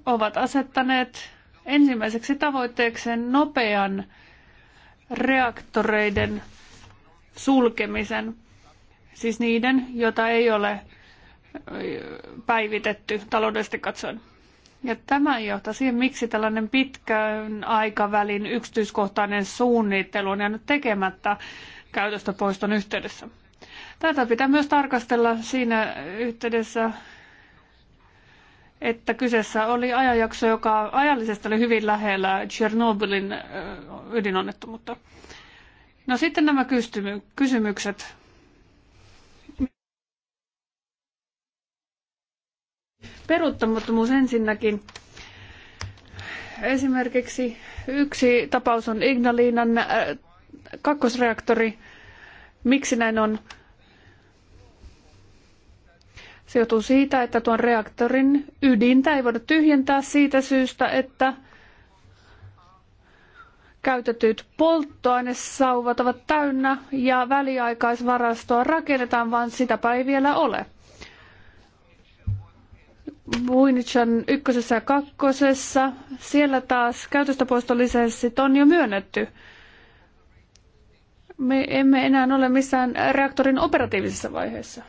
A: ovat asettaneet ensimmäiseksi tavoitteekseen nopean reaktoreiden sulkemisen, siis niiden, joita ei ole päivitetty taloudellisesti katsoen. Ja tämä johtaa siihen, miksi tällainen pitkän aikavälin yksityiskohtainen suunnittelu on jäänyt tekemättä käytöstä poiston yhteydessä. Tätä pitää myös tarkastella siinä yhteydessä, että kyseessä oli ajanjakso, joka ajallisesti oli hyvin lähellä Chernobylin ydinonnettomuutta. No sitten nämä kysymykset. peruuttamattomuus ensinnäkin. Esimerkiksi yksi tapaus on Ignaliinan äh, kakkosreaktori. Miksi näin on? Se johtuu siitä, että tuon reaktorin ydintä ei voida tyhjentää siitä syystä, että käytetyt polttoainesauvat ovat täynnä ja väliaikaisvarastoa rakennetaan, vaan sitäpä ei vielä ole. Buinichan ykkösessä ja kakkosessa. Siellä taas käytöstä poistolisenssit on jo myönnetty. Me emme enää ole missään reaktorin operatiivisessa vaiheessa.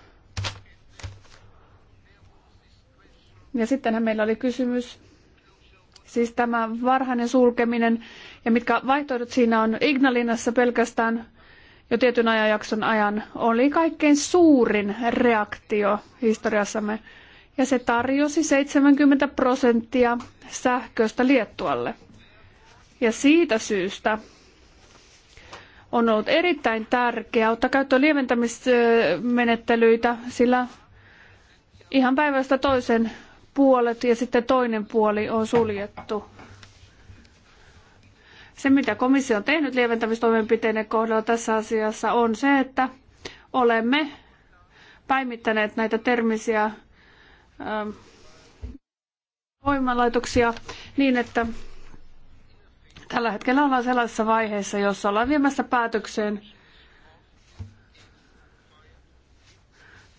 A: Ja sittenhän meillä oli kysymys, siis tämä varhainen sulkeminen ja mitkä vaihtoehdot siinä on Ignalinassa pelkästään jo tietyn ajanjakson ajan oli kaikkein suurin reaktio historiassamme ja se tarjosi 70 prosenttia sähköstä Liettualle. Ja siitä syystä on ollut erittäin tärkeää ottaa käyttöön lieventämismenettelyitä, sillä ihan päivästä toisen puolet ja sitten toinen puoli on suljettu. Se, mitä komissio on tehnyt lieventämistoimenpiteiden kohdalla tässä asiassa, on se, että olemme päimittäneet näitä termisiä Ähm, voimalaitoksia niin, että tällä hetkellä ollaan sellaisessa vaiheessa, jossa ollaan viemässä päätökseen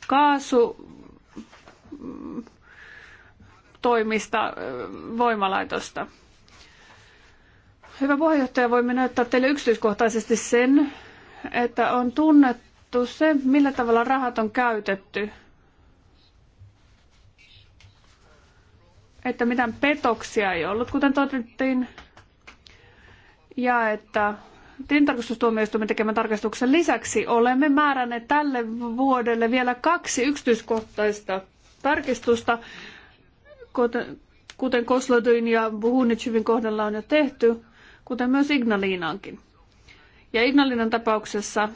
A: kaasu mm, toimista äh, voimalaitosta. Hyvä puheenjohtaja, voimme näyttää teille yksityiskohtaisesti sen, että on tunnettu se, millä tavalla rahat on käytetty – että mitään petoksia ei ollut, kuten todettiin, ja että tilintarkastustuomioistuimen tekemän tarkastuksen lisäksi olemme määränneet tälle vuodelle vielä kaksi yksityiskohtaista tarkistusta, kuten Koslodyn ja Buhunitshyvin kohdalla on jo tehty, kuten myös Ignaliinaankin. Ja Ignalinan tapauksessa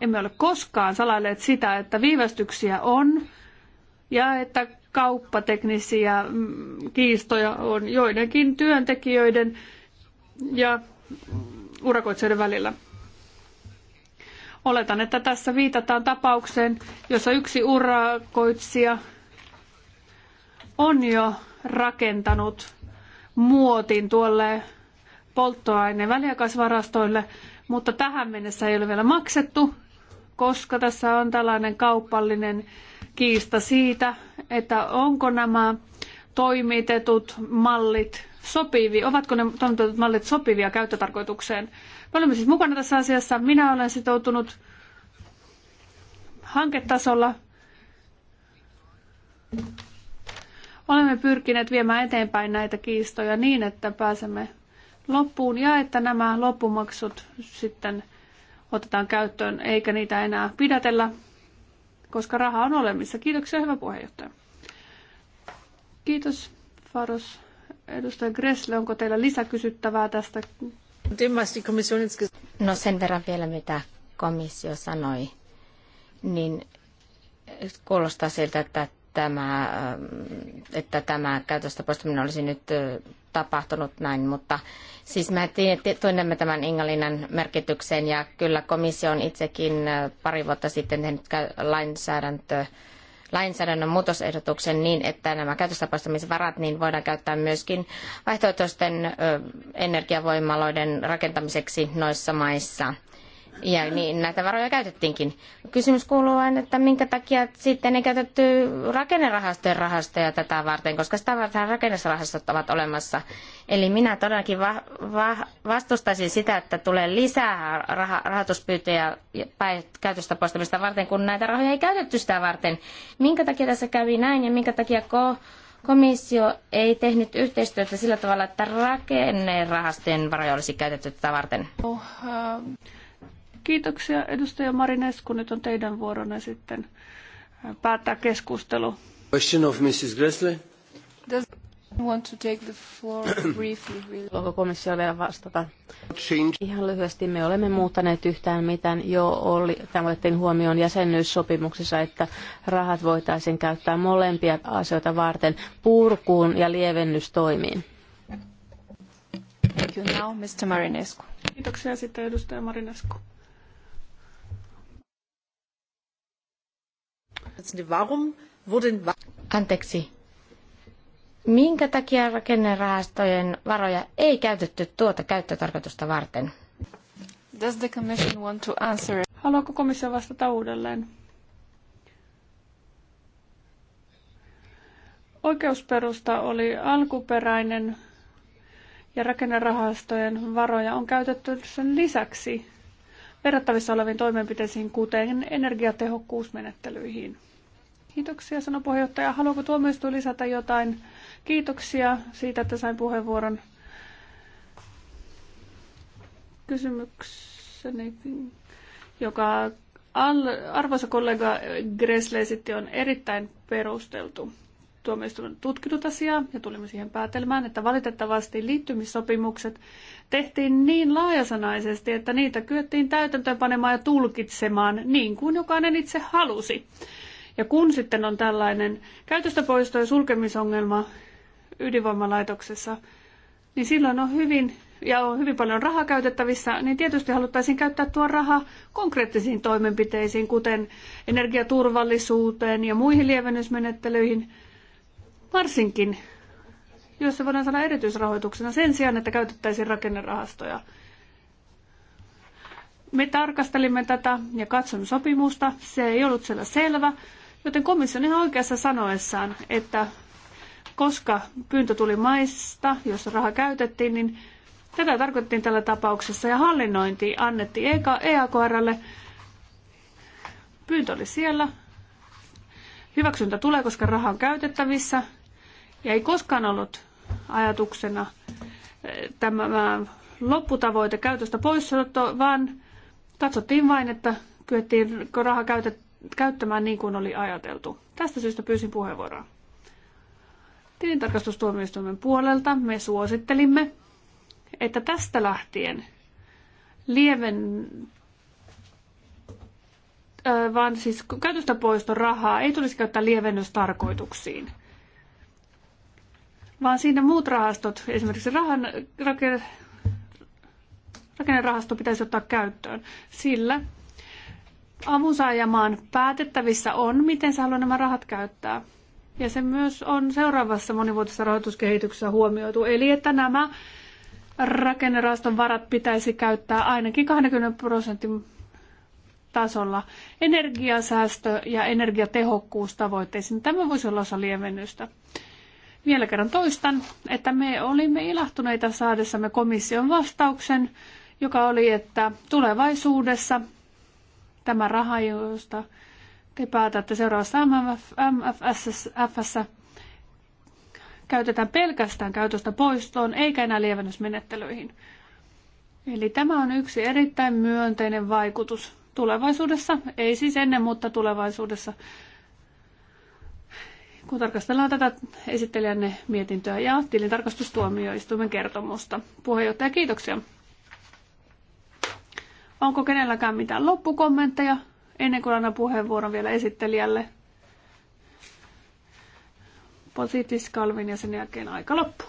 A: emme ole koskaan salailleet sitä, että viivästyksiä on ja että kauppateknisiä mm, kiistoja on joidenkin työntekijöiden ja urakoitsijoiden välillä. Oletan, että tässä viitataan tapaukseen, jossa yksi urakoitsija on jo rakentanut muotin tuolle polttoaineen väliaikaisvarastoille, mutta tähän mennessä ei ole vielä maksettu, koska tässä on tällainen kaupallinen kiista siitä, että onko nämä toimitetut mallit sopivia, ovatko ne toimitetut mallit sopivia käyttötarkoitukseen. Me olemme siis mukana tässä asiassa. Minä olen sitoutunut hanketasolla. Olemme pyrkineet viemään eteenpäin näitä kiistoja niin, että pääsemme loppuun ja että nämä loppumaksut sitten otetaan käyttöön eikä niitä enää pidätellä koska raha on olemissa. Kiitoksia, hyvä puheenjohtaja. Kiitos, Faros. Edustaja Gressle, onko teillä lisäkysyttävää tästä?
C: No sen verran vielä, mitä komissio sanoi, niin kuulostaa siltä, että tämä, äh, että tämä käytöstä poistuminen olisi nyt äh, tapahtunut näin, mutta siis me tunnemme tämän Ingalinan merkityksen ja kyllä komissio on itsekin äh, pari vuotta sitten tehnyt lainsäädäntö, lainsäädännön muutosehdotuksen niin, että nämä käytöstä poistamisvarat niin voidaan käyttää myöskin vaihtoehtoisten energiavoimaloiden rakentamiseksi noissa maissa – ja niin, näitä varoja käytettiinkin. Kysymys kuuluu aina, että minkä takia sitten ei käytetty rakennerahastojen rahastoja tätä varten, koska sitä varten rakennerahastot ovat olemassa. Eli minä todellakin va- va- vastustaisin sitä, että tulee lisää rah- rahoituspyytöjä käytöstä poistamista varten, kun näitä rahoja ei käytetty sitä varten. Minkä takia tässä kävi näin ja minkä takia ko- komissio ei tehnyt yhteistyötä sillä tavalla, että rakennerahastojen varoja olisi käytetty tätä varten?
A: Oh, uh... Kiitoksia edustaja Marinescu. Nyt on teidän vuoronne sitten päättää keskustelu.
C: Question of Mrs. Gressley.
A: Does want to take the floor briefly, really? Voiko
B: komissio vielä vastata? Change. Ihan lyhyesti, me olemme muuttaneet yhtään mitään. Jo oli, tämä otettiin huomioon jäsennyyssopimuksessa, että rahat voitaisiin käyttää molempia asioita varten purkuun ja lievennystoimiin. Thank you now, Mr. Marinescu.
A: Kiitoksia sitten edustaja Marinescu.
C: Anteeksi. Minkä takia rakennerahastojen varoja ei käytetty tuota käyttötarkoitusta varten?
A: Does the commission want to answer? Haluaako komissio vastata uudelleen? Oikeusperusta oli alkuperäinen ja rakennerahastojen varoja on käytetty sen lisäksi verrattavissa oleviin toimenpiteisiin, kuten energiatehokkuusmenettelyihin. Kiitoksia, sanoi puheenjohtaja. Haluaako tuomioistuin lisätä jotain? Kiitoksia siitä, että sain puheenvuoron. Kysymykseni, joka arvoisa kollega Gressle esitti, on erittäin perusteltu tuomioistuin tutkinut asiaa ja tulimme siihen päätelmään, että valitettavasti liittymissopimukset tehtiin niin laajasanaisesti, että niitä kyettiin täytäntöönpanemaan ja tulkitsemaan niin kuin jokainen itse halusi. Ja kun sitten on tällainen käytöstä poisto- ja sulkemisongelma ydinvoimalaitoksessa, niin silloin on hyvin ja on hyvin paljon rahaa käytettävissä, niin tietysti haluttaisiin käyttää tuo raha konkreettisiin toimenpiteisiin, kuten energiaturvallisuuteen ja muihin lievennysmenettelyihin – varsinkin jos se voidaan sanoa erityisrahoituksena sen sijaan, että käytettäisiin rakennerahastoja. Me tarkastelimme tätä ja katsomme sopimusta. Se ei ollut siellä selvä, joten komission ihan oikeassa sanoessaan, että koska pyyntö tuli maista, jossa raha käytettiin, niin tätä tarkoitettiin tällä tapauksessa ja hallinnointi annettiin EAKRlle. E pyyntö oli siellä, hyväksyntä tulee, koska raha on käytettävissä. Ja ei koskaan ollut ajatuksena äh, tämä lopputavoite käytöstä poisotto, vaan katsottiin vain, että kyettiinkö raha käyttämään niin kuin oli ajateltu. Tästä syystä pyysin puheenvuoroa. Tilintarkastustuomioistuimen puolelta me suosittelimme, että tästä lähtien lieven vaan siis käytöstä poiston rahaa ei tulisi käyttää lievennystarkoituksiin, vaan siinä muut rahastot, esimerkiksi rahan, rakennerahasto pitäisi ottaa käyttöön, sillä avunsaajamaan päätettävissä on, miten se haluaa nämä rahat käyttää. Ja se myös on seuraavassa monivuotisessa rahoituskehityksessä huomioitu, eli että nämä rakennerahaston varat pitäisi käyttää ainakin 20 prosentin tasolla energiasäästö- ja energiatehokkuustavoitteisiin. Tämä voisi olla osa lievennystä. Vielä kerran toistan, että me olimme ilahtuneita saadessamme komission vastauksen, joka oli, että tulevaisuudessa tämä raha, josta te päätätte seuraavassa MFS, käytetään pelkästään käytöstä poistoon eikä enää lievennysmenettelyihin. Eli tämä on yksi erittäin myönteinen vaikutus tulevaisuudessa, ei siis ennen, mutta tulevaisuudessa, kun tarkastellaan tätä esittelijänne mietintöä ja tilintarkastustuomioistuimen kertomusta. Puheenjohtaja, kiitoksia. Onko kenelläkään mitään loppukommentteja ennen kuin annan puheenvuoron vielä esittelijälle? Positis Kalvin ja sen jälkeen
C: aika loppu.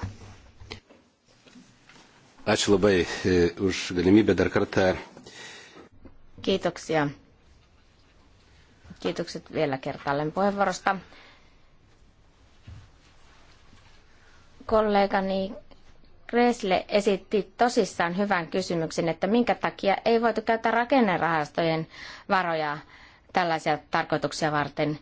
B: Ačiū labai e, už galimybę dar kartą
C: Kiitoksia. Kiitokset vielä kertaalleen puheenvuorosta. Kollegani Kresle esitti tosissaan hyvän kysymyksen, että minkä takia ei voitu käyttää rakennerahastojen varoja tällaisia tarkoituksia varten.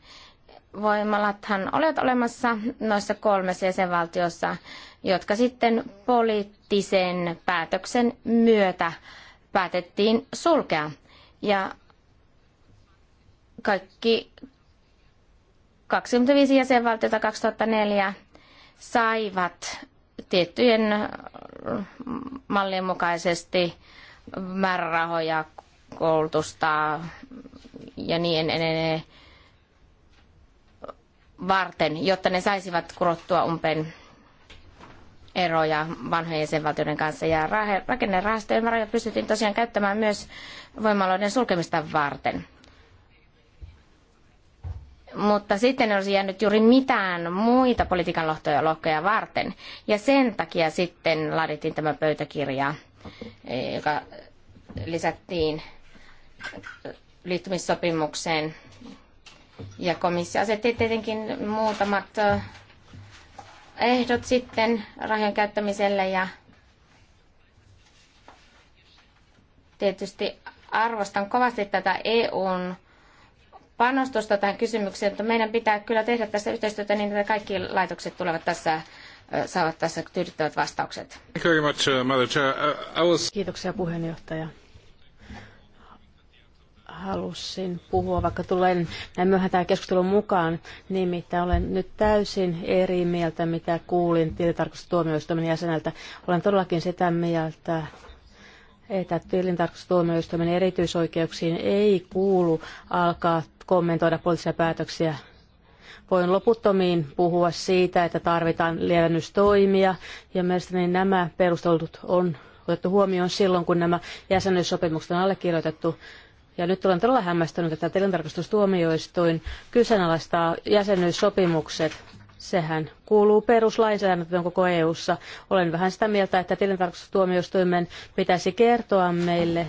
C: Voimalathan olet olemassa noissa kolmessa jäsenvaltiossa, jotka sitten poliittisen päätöksen myötä päätettiin sulkea. Ja kaikki 25 jäsenvaltiota 2004 saivat tiettyjen mallien mukaisesti määrärahoja, koulutusta ja niin edelleen varten, jotta ne saisivat kurottua umpeen eroja vanhojen jäsenvaltioiden kanssa. Ja rakennerahastojen varoja pystyttiin tosiaan käyttämään myös voimaloiden sulkemista varten. Mutta sitten ei olisi jäänyt juuri mitään muita politiikan lohtoja lohkoja varten. Ja sen takia sitten laadittiin tämä pöytäkirja, joka lisättiin liittymissopimukseen. Ja komissio asetti tietenkin muutamat ehdot sitten rahojen käyttämiselle ja tietysti arvostan kovasti tätä EUn panostusta tähän kysymykseen, mutta meidän pitää kyllä tehdä tässä yhteistyötä niin, että kaikki laitokset tulevat tässä saavat tässä tyydyttävät vastaukset.
B: Uh, uh, Kiitoksia puheenjohtaja halusin puhua, vaikka tulen näin myöhään tähän keskusteluun mukaan, nimittäin olen nyt täysin eri mieltä, mitä kuulin tilintarkastustuomioistuimen jäseneltä. Olen todellakin sitä mieltä, että tilintarkastustuomioistuimen erityisoikeuksiin ei kuulu alkaa kommentoida poliittisia päätöksiä. Voin loputtomiin puhua siitä, että tarvitaan lievennystoimia, ja mielestäni nämä perustelut on otettu huomioon silloin, kun nämä jäsenyyssopimukset on allekirjoitettu ja nyt olen todella hämmästynyt, että tilintarkastustuomioistuin kyseenalaistaa jäsenyyssopimukset. Sehän kuuluu peruslainsäädäntöön koko EU-ssa. Olen vähän sitä mieltä, että tilintarkastustuomioistuimen pitäisi kertoa meille,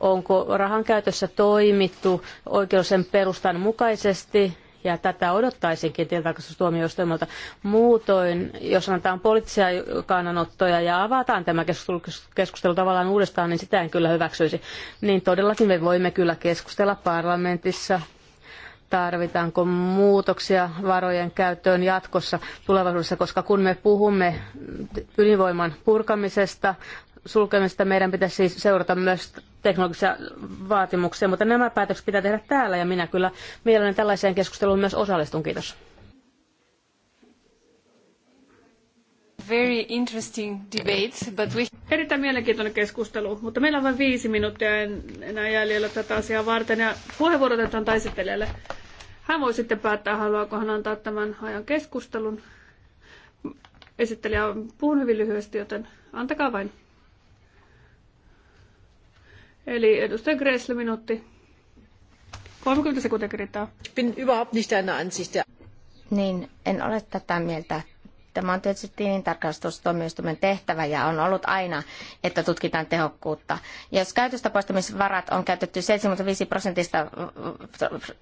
B: onko rahan käytössä toimittu oikeuden perustan mukaisesti ja tätä odottaisinkin tilintarkastustuomioistuimelta. Muutoin, jos annetaan poliittisia kannanottoja ja avataan tämä keskustelu, keskustelu tavallaan uudestaan, niin sitä en kyllä hyväksyisi. Niin todellakin me voimme kyllä keskustella parlamentissa tarvitaanko muutoksia varojen käyttöön jatkossa tulevaisuudessa, koska kun me puhumme ydinvoiman purkamisesta, sulkemista meidän pitäisi siis seurata myös teknologisia vaatimuksia, mutta nämä päätökset pitää tehdä täällä ja minä kyllä mielelläni tällaiseen keskusteluun myös osallistun. Kiitos.
A: Very interesting debate, but we... Erittäin mielenkiintoinen keskustelu, mutta meillä on vain viisi minuuttia enää jäljellä tätä asiaa varten ja puheenvuorot otetaan taisittelijalle. Hän voi sitten päättää, haluaako hän antaa tämän ajan keskustelun. Esittelijä on puhunut hyvin lyhyesti, joten antakaa vain. Eli edustaja Gressle minuutti. 30 sekuntia kertaa. Bin überhaupt nicht deiner Ansicht.
C: Niin, en ole tätä mieltä. Tämä on tietysti tilintarkastustuomioistuimen tehtävä ja on ollut aina, että tutkitaan tehokkuutta. Jos käytöstä poistamisvarat on käytetty 75, prosentista,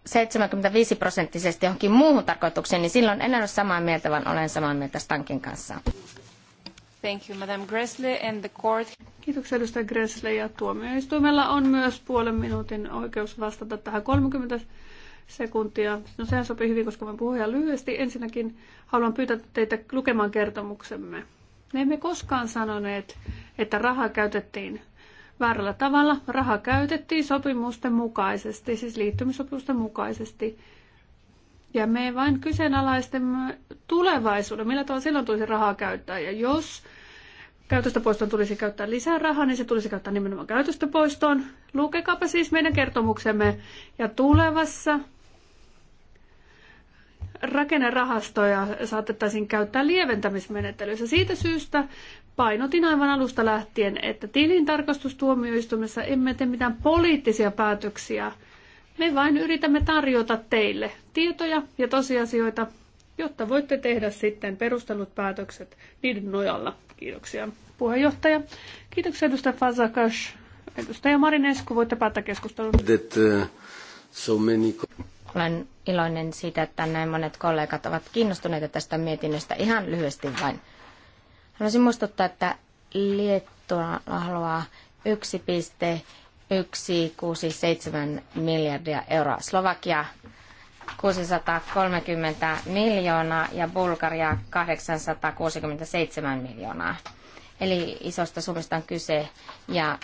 C: 75 prosenttisesti johonkin muuhun tarkoitukseen, niin silloin en ole samaa mieltä, vaan olen samaa mieltä Stankin kanssa.
A: Thank you, Madam Gressle and the court. Kiitoksia edustaja Gressle ja tuomioistuimella on myös puolen minuutin oikeus vastata tähän 30 sekuntia. No sehän sopii hyvin, koska voin puhua lyhyesti. Ensinnäkin haluan pyytää teitä lukemaan kertomuksemme. Me emme koskaan sanoneet, että rahaa käytettiin väärällä tavalla. Raha käytettiin sopimusten mukaisesti, siis liittymissopimusten mukaisesti. Ja me vain kyseenalaistamme tulevaisuuden, millä tavalla silloin tulisi rahaa käyttää. Ja jos käytöstä poistoon tulisi käyttää lisää rahaa, niin se tulisi käyttää nimenomaan käytöstä poistoon. Lukekaapa siis meidän kertomuksemme. Ja tulevassa rakennerahastoja saatettaisiin käyttää lieventämismenettelyissä. Siitä syystä painotin aivan alusta lähtien, että tilintarkastustuomioistuimessa emme tee mitään poliittisia päätöksiä – me vain yritämme tarjota teille tietoja ja tosiasioita, jotta voitte tehdä sitten perustellut päätökset niiden nojalla. Kiitoksia puheenjohtaja. Kiitoksia edustaja Fazakas.
C: Edustaja Marinesku, voitte päättää keskustelun.
B: That, uh, so many...
C: Olen iloinen siitä, että näin monet kollegat ovat kiinnostuneita tästä mietinnöstä ihan lyhyesti vain. Haluaisin muistuttaa, että Liettua haluaa piste. 167 miljardia euroa. Slovakia 630 miljoonaa ja Bulgaria 867 miljoonaa. Eli isosta summista on kyse ja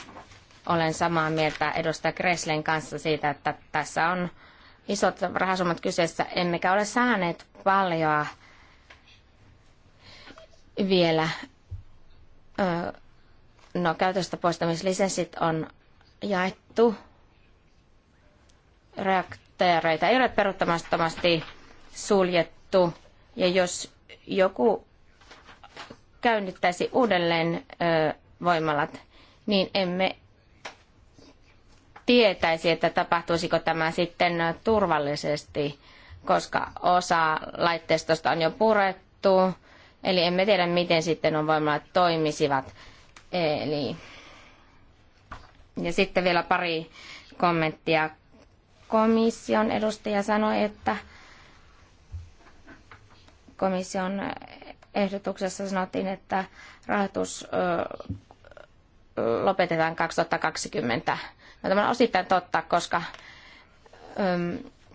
C: olen samaa mieltä edustaja Kreslen kanssa siitä, että tässä on isot rahasummat kyseessä, emmekä ole saaneet paljoa vielä. No, käytöstä poistamislisenssit on jaettu reaktoreita ei ole peruuttamattomasti suljettu. Ja jos joku käynnittäisi uudelleen ö, voimalat, niin emme tietäisi, että tapahtuisiko tämä sitten turvallisesti, koska osa laitteistosta on jo purettu, eli emme tiedä, miten sitten on voimalat toimisivat. Eli ja sitten vielä pari kommenttia. Komission edustaja sanoi, että komission ehdotuksessa sanottiin, että rahoitus lopetetaan 2020. No, tämä on osittain totta, koska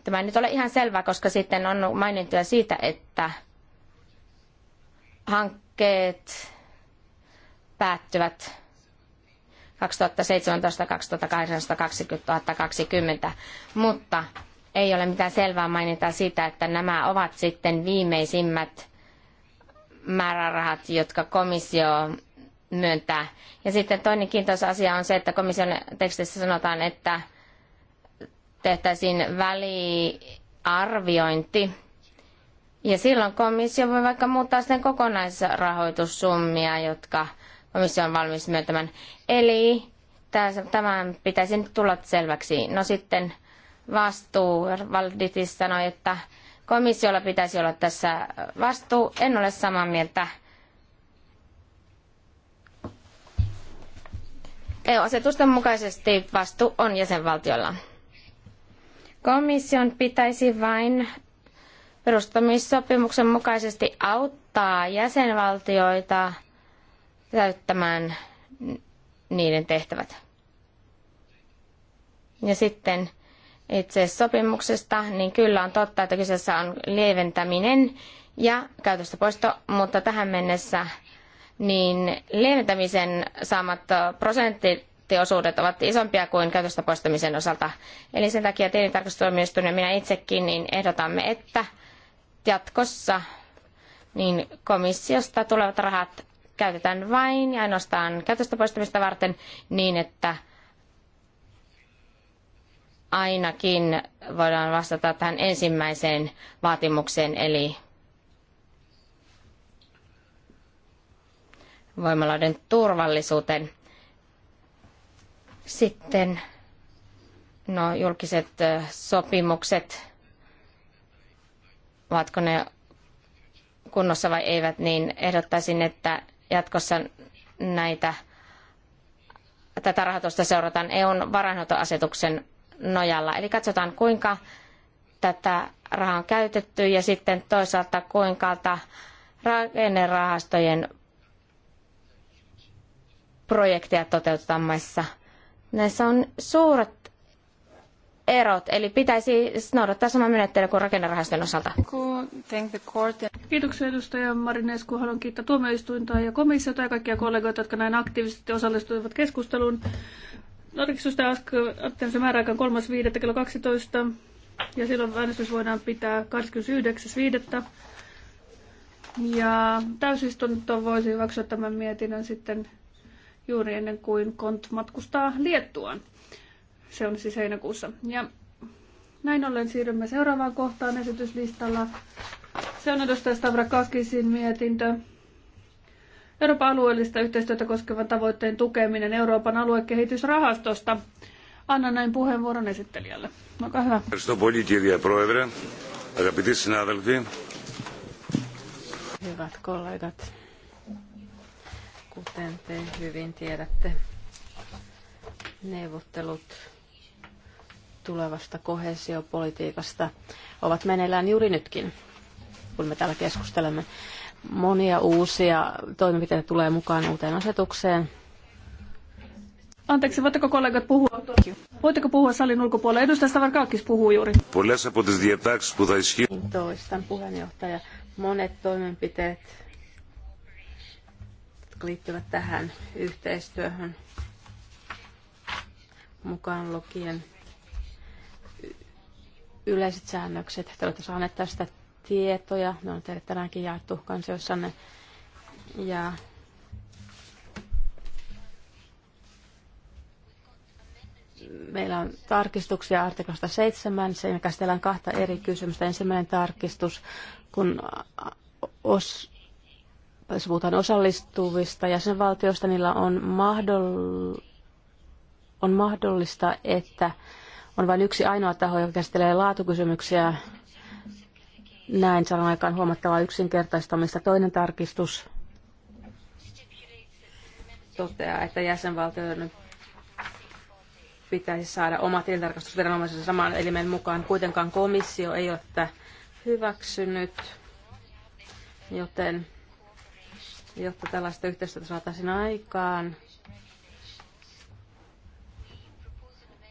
C: tämä ei nyt ole ihan selvää, koska sitten on mainintoja siitä, että hankkeet päättyvät 2017-2020, mutta ei ole mitään selvää mainintaa siitä, että nämä ovat sitten viimeisimmät määrärahat, jotka komissio myöntää. Ja sitten toinen kiintoisa asia on se, että komission tekstissä sanotaan, että tehtäisiin väliarviointi. Ja silloin komissio voi vaikka muuttaa sitten kokonaisrahoitussummia, jotka komissio on valmis myöntämään. Eli tämän pitäisi nyt tulla selväksi. No sitten vastuu. Valditis sanoi, että komissiolla pitäisi olla tässä vastuu. En ole samaa mieltä. EU-asetusten mukaisesti vastuu on jäsenvaltiolla. Komission pitäisi vain perustamissopimuksen mukaisesti auttaa jäsenvaltioita täyttämään niiden tehtävät. Ja sitten itse sopimuksesta, niin kyllä on totta, että kyseessä on lieventäminen ja käytöstä poisto, mutta tähän mennessä niin lieventämisen saamat prosenttiosuudet ovat isompia kuin käytöstä poistamisen osalta. Eli sen takia tilintarkastustuomioistuin ja minä itsekin niin ehdotamme, että jatkossa niin komissiosta tulevat rahat käytetään vain ja ainoastaan käytöstä poistamista varten niin, että ainakin voidaan vastata tähän ensimmäiseen vaatimukseen, eli voimaloiden turvallisuuteen. Sitten no, julkiset sopimukset, ovatko ne kunnossa vai eivät, niin ehdottaisin, että jatkossa näitä, tätä rahoitusta seurataan EUn varainhoitoasetuksen nojalla. Eli katsotaan, kuinka tätä rahaa on käytetty ja sitten toisaalta kuinka rakennerahastojen projekteja toteutetaan maissa. Näissä on suuret erot, eli pitäisi noudattaa sama menettely kuin rakennerahastojen osalta.
A: Kiitoksia edustaja Marinescu. Haluan kiittää tuomioistuinta ja komissiota ja kaikkia kollegoita, jotka näin aktiivisesti osallistuivat keskusteluun. Tarkistusten askelisen määräaikaan 3.5. kello 12 ja silloin äänestys voidaan pitää 29.5. Ja täysistunto voisi hyväksyä tämän mietinnön sitten juuri ennen kuin Kont matkustaa Liettuaan. Se on siis heinäkuussa. Ja näin ollen siirrymme seuraavaan kohtaan esityslistalla. Se on edustaja Stavrakakisin mietintö. Euroopan alueellista yhteistyötä koskevan tavoitteen tukeminen Euroopan aluekehitysrahastosta. Anna näin puheenvuoron esittelijälle. Olkaa hyvä.
B: Hyvät kollegat, kuten te hyvin tiedätte, neuvottelut tulevasta kohesiopolitiikasta ovat meneillään juuri nytkin, kun me täällä keskustelemme. Monia uusia toimenpiteitä tulee mukaan uuteen asetukseen. Anteeksi,
A: voitteko kollegat puhua? Voitteko puhua salin ulkopuolella? Edustaja Stavarkaakis puhuu juuri.
C: Niin,
B: toistan puheenjohtaja. Monet toimenpiteet liittyvät tähän yhteistyöhön mukaan lukien yleiset säännökset. Te olette saaneet tästä tietoja. Ne on teille tänäänkin jaettu kansiossanne. Ja meillä on tarkistuksia artiklasta 7. Siinä käsitellään kahta eri kysymystä. Ensimmäinen tarkistus, kun os, jos puhutaan osallistuvista jäsenvaltioista, niillä on, mahdoll, on mahdollista, että on vain yksi ainoa taho, joka käsittelee laatukysymyksiä. Näin sanon aikaan huomattavaa yksinkertaistamista. Toinen tarkistus toteaa, että jäsenvaltioiden pitäisi saada oma tilintarkastusviranomaisensa saman elimen mukaan. Kuitenkaan komissio ei ole tätä hyväksynyt, joten jotta tällaista yhteistyötä saataisiin aikaan,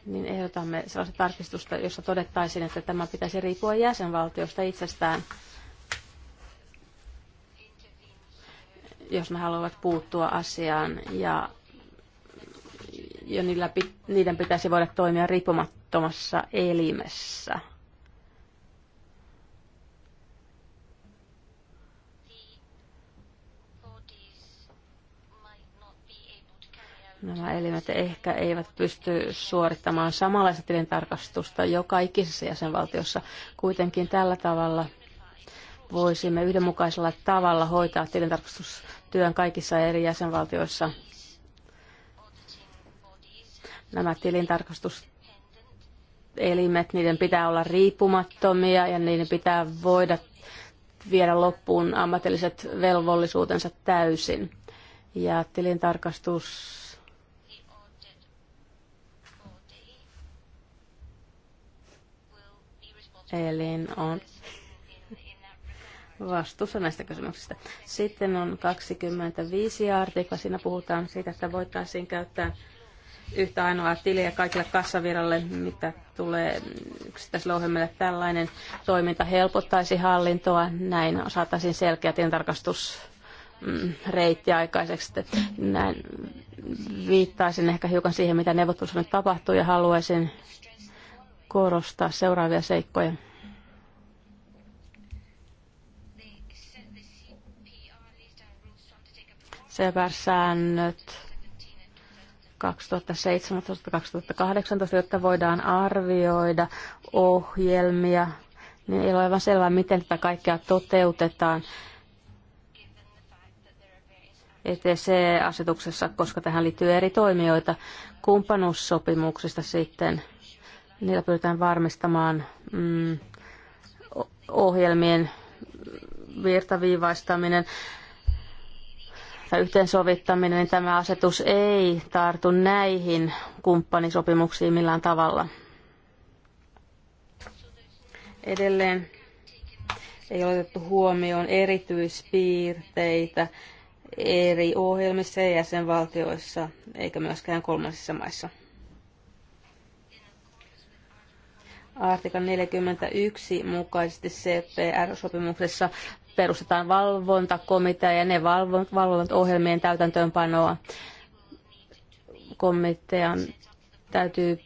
B: niin ehdotamme sellaista tarkistusta, jossa todettaisiin, että tämä pitäisi riippua jäsenvaltiosta itsestään, jos ne haluavat puuttua asiaan ja jo niillä, niiden pitäisi voida toimia riippumattomassa elimessä. Nämä elimet ehkä eivät pysty suorittamaan samanlaista tilintarkastusta joka ikisessä jäsenvaltiossa. Kuitenkin tällä tavalla voisimme yhdenmukaisella tavalla hoitaa tilintarkastustyön kaikissa eri jäsenvaltioissa. Nämä tilintarkastuselimet, niiden pitää olla riippumattomia ja niiden pitää voida viedä loppuun ammatilliset velvollisuutensa täysin. Ja tilintarkastus elin on vastuussa näistä kysymyksistä. Sitten on 25 artikla. Siinä puhutaan siitä, että voitaisiin käyttää yhtä ainoaa tiliä kaikille kassaviralle, mitä tulee yksittäislouhemmille. Tällainen toiminta helpottaisi hallintoa. Näin saataisiin selkeä tarkastus mm, reitti aikaiseksi. Näin viittaisin ehkä hiukan siihen, mitä neuvottelussa nyt tapahtuu ja haluaisin korostaa seuraavia seikkoja. CPR-säännöt 2017-2018, jotta voidaan arvioida ohjelmia, niin ei ole aivan selvää, miten tätä kaikkea toteutetaan ETC-asetuksessa, koska tähän liittyy eri toimijoita kumppanuussopimuksista sitten – Niillä pyritään varmistamaan mm, ohjelmien virtaviivaistaminen tai yhteensovittaminen, niin tämä asetus ei tartu näihin kumppanisopimuksiin millään tavalla. Edelleen ei ole otettu huomioon erityispiirteitä eri ohjelmissa ja jäsenvaltioissa, eikä myöskään kolmansissa maissa. Artikan 41 mukaisesti CPR-sopimuksessa perustetaan valvontakomitea ja ne valvovat ohjelmien täytäntöönpanoa. Komitean täytyy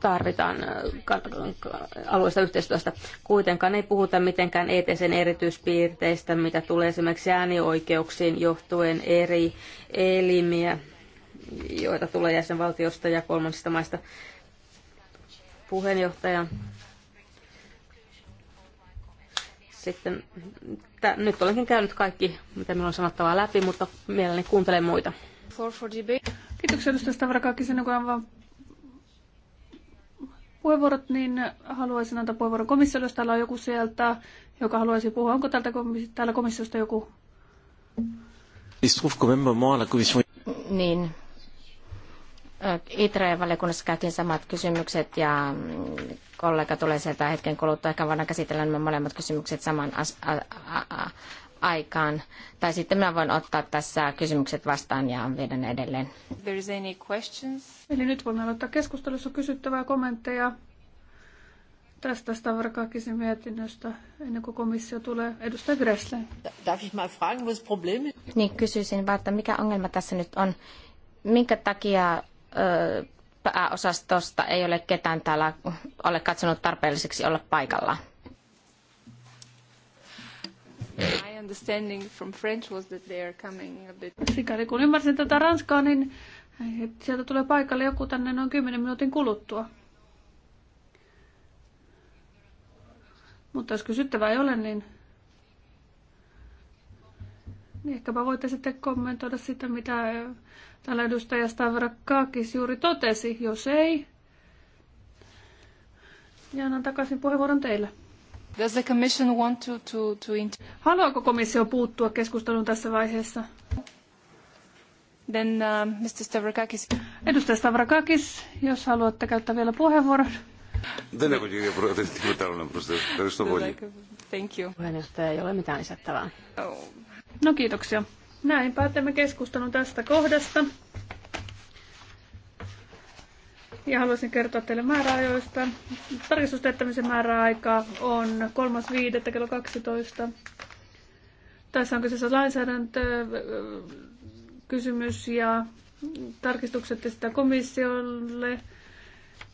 B: tarvitaan äh, alueesta yhteistyöstä. Kuitenkaan ei puhuta mitenkään ETSn erityispiirteistä, mitä tulee esimerkiksi äänioikeuksiin johtuen eri elimiä joita tulee jäsenvaltiosta ja kolmansista maista. Puheenjohtaja. Sitten, t- nyt olenkin käynyt kaikki, mitä minulla on sanottavaa läpi, mutta mielelläni kuuntelen muita.
A: Kiitoksia edustaja Stavrakakisen, kun aivan puheenvuorot, niin haluaisin antaa puheenvuoron komissiolle, jos täällä on joku sieltä, joka haluaisi puhua. Onko täältä,
C: täällä komissiosta joku? Niin, ITRE-valiokunnassa käytiin samat kysymykset ja kollega tulee sieltä hetken kuluttua. Ehkä voidaan käsitellä nämä molemmat kysymykset saman aikaan. Tai sitten minä voin ottaa tässä kysymykset vastaan ja viedä ne edelleen.
A: Eli nyt voimme aloittaa keskustelussa kysyttävää kommentteja tästä Stavrakakisin mietinnöstä ennen kuin komissio tulee. Edustaja
C: Gressle. Darf ich mal fragen, was Problem Niin kysyisin vaan, että mikä ongelma tässä nyt on. Minkä takia pääosastosta ei ole ketään täällä ole katsonut tarpeelliseksi olla paikalla.
A: My understanding from French was that they are coming a bit... Sikäli kun ymmärsin tätä ranskaa, niin sieltä tulee paikalle joku tänne noin 10 minuutin kuluttua. Mutta jos kysyttävää ei ole, niin niin, ehkäpä voitte sitten kommentoida sitä, mitä täällä edustaja Stavrakakis juuri totesi. Jos ei, ja annan takaisin puheenvuoron teille. Does the commission want to, to, to inter- Haluaako komissio puuttua keskusteluun tässä vaiheessa? Then, uh, Mr. Stavrakakis. Edustaja Stavrakakis, jos haluatte käyttää vielä puheenvuoron. Δεν έχω κύριε Πρόεδρε τίποτα άλλο να προσθέσω. Ευχαριστώ πολύ. Thank you. Puheenjohtaja ei ole mitään lisättävää. Oh. No kiitoksia. Näin päätämme keskustelun tästä kohdasta. Ja haluaisin kertoa teille määräajoista. Tarkistustehtämisen määräaika on 3.5. kello 12. Tässä on kyseessä lainsäädäntökysymys ja tarkistukset sitä komissiolle.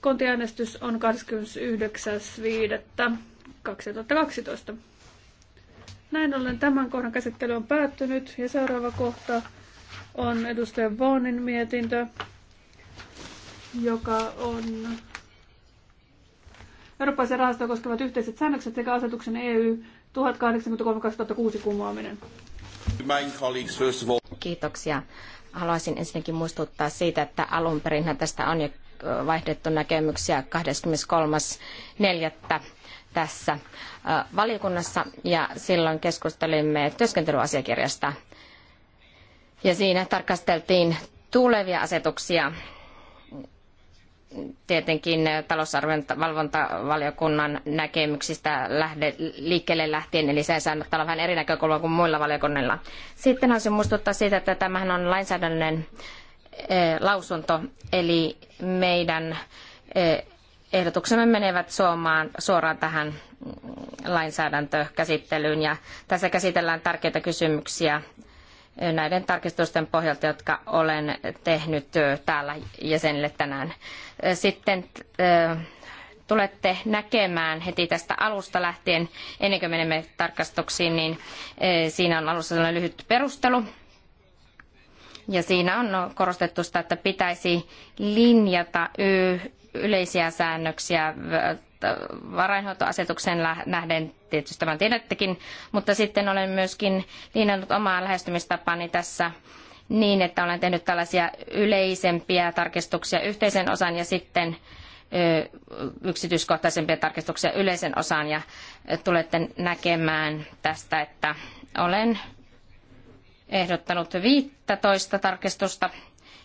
A: Kontiäänestys on 29.5.2012. Näin ollen tämän kohdan käsittely on päättynyt ja seuraava kohta on edustaja Vaanin mietintö, joka on Eurooppaisen rahastoa koskevat yhteiset säännökset sekä asetuksen EU
C: 1083-2006 kumoaminen. Kiitoksia. Haluaisin ensinnäkin muistuttaa siitä, että alun perin tästä on jo vaihdettu näkemyksiä 23.4 tässä äh, valiokunnassa ja silloin keskustelimme työskentelyasiakirjasta. Ja siinä tarkasteltiin tulevia asetuksia tietenkin talousarvion valvontavaliokunnan näkemyksistä lähde, liikkeelle lähtien, eli se saattaa olla vähän eri näkökulma kuin muilla valiokunnilla. Sitten haluaisin muistuttaa siitä, että tämähän on lainsäädännöllinen eh, lausunto, eli meidän eh, ehdotuksemme menevät suomaan, suoraan tähän mm, lainsäädäntökäsittelyyn ja tässä käsitellään tärkeitä kysymyksiä näiden tarkistusten pohjalta, jotka olen tehnyt täällä jäsenille tänään. Sitten tulette näkemään heti tästä alusta lähtien, ennen kuin menemme tarkastuksiin, niin siinä on alussa sellainen lyhyt perustelu. Ja siinä on korostettu sitä, että pitäisi linjata yleisiä säännöksiä äh, varainhoitoasetukseen nähden tietysti tämän tiedättekin, mutta sitten olen myöskin linjannut omaa lähestymistapani tässä niin, että olen tehnyt tällaisia yleisempiä tarkistuksia yhteisen osan ja sitten yksityiskohtaisempia tarkistuksia yleisen osaan ja tulette näkemään tästä, että olen ehdottanut 15 tarkistusta,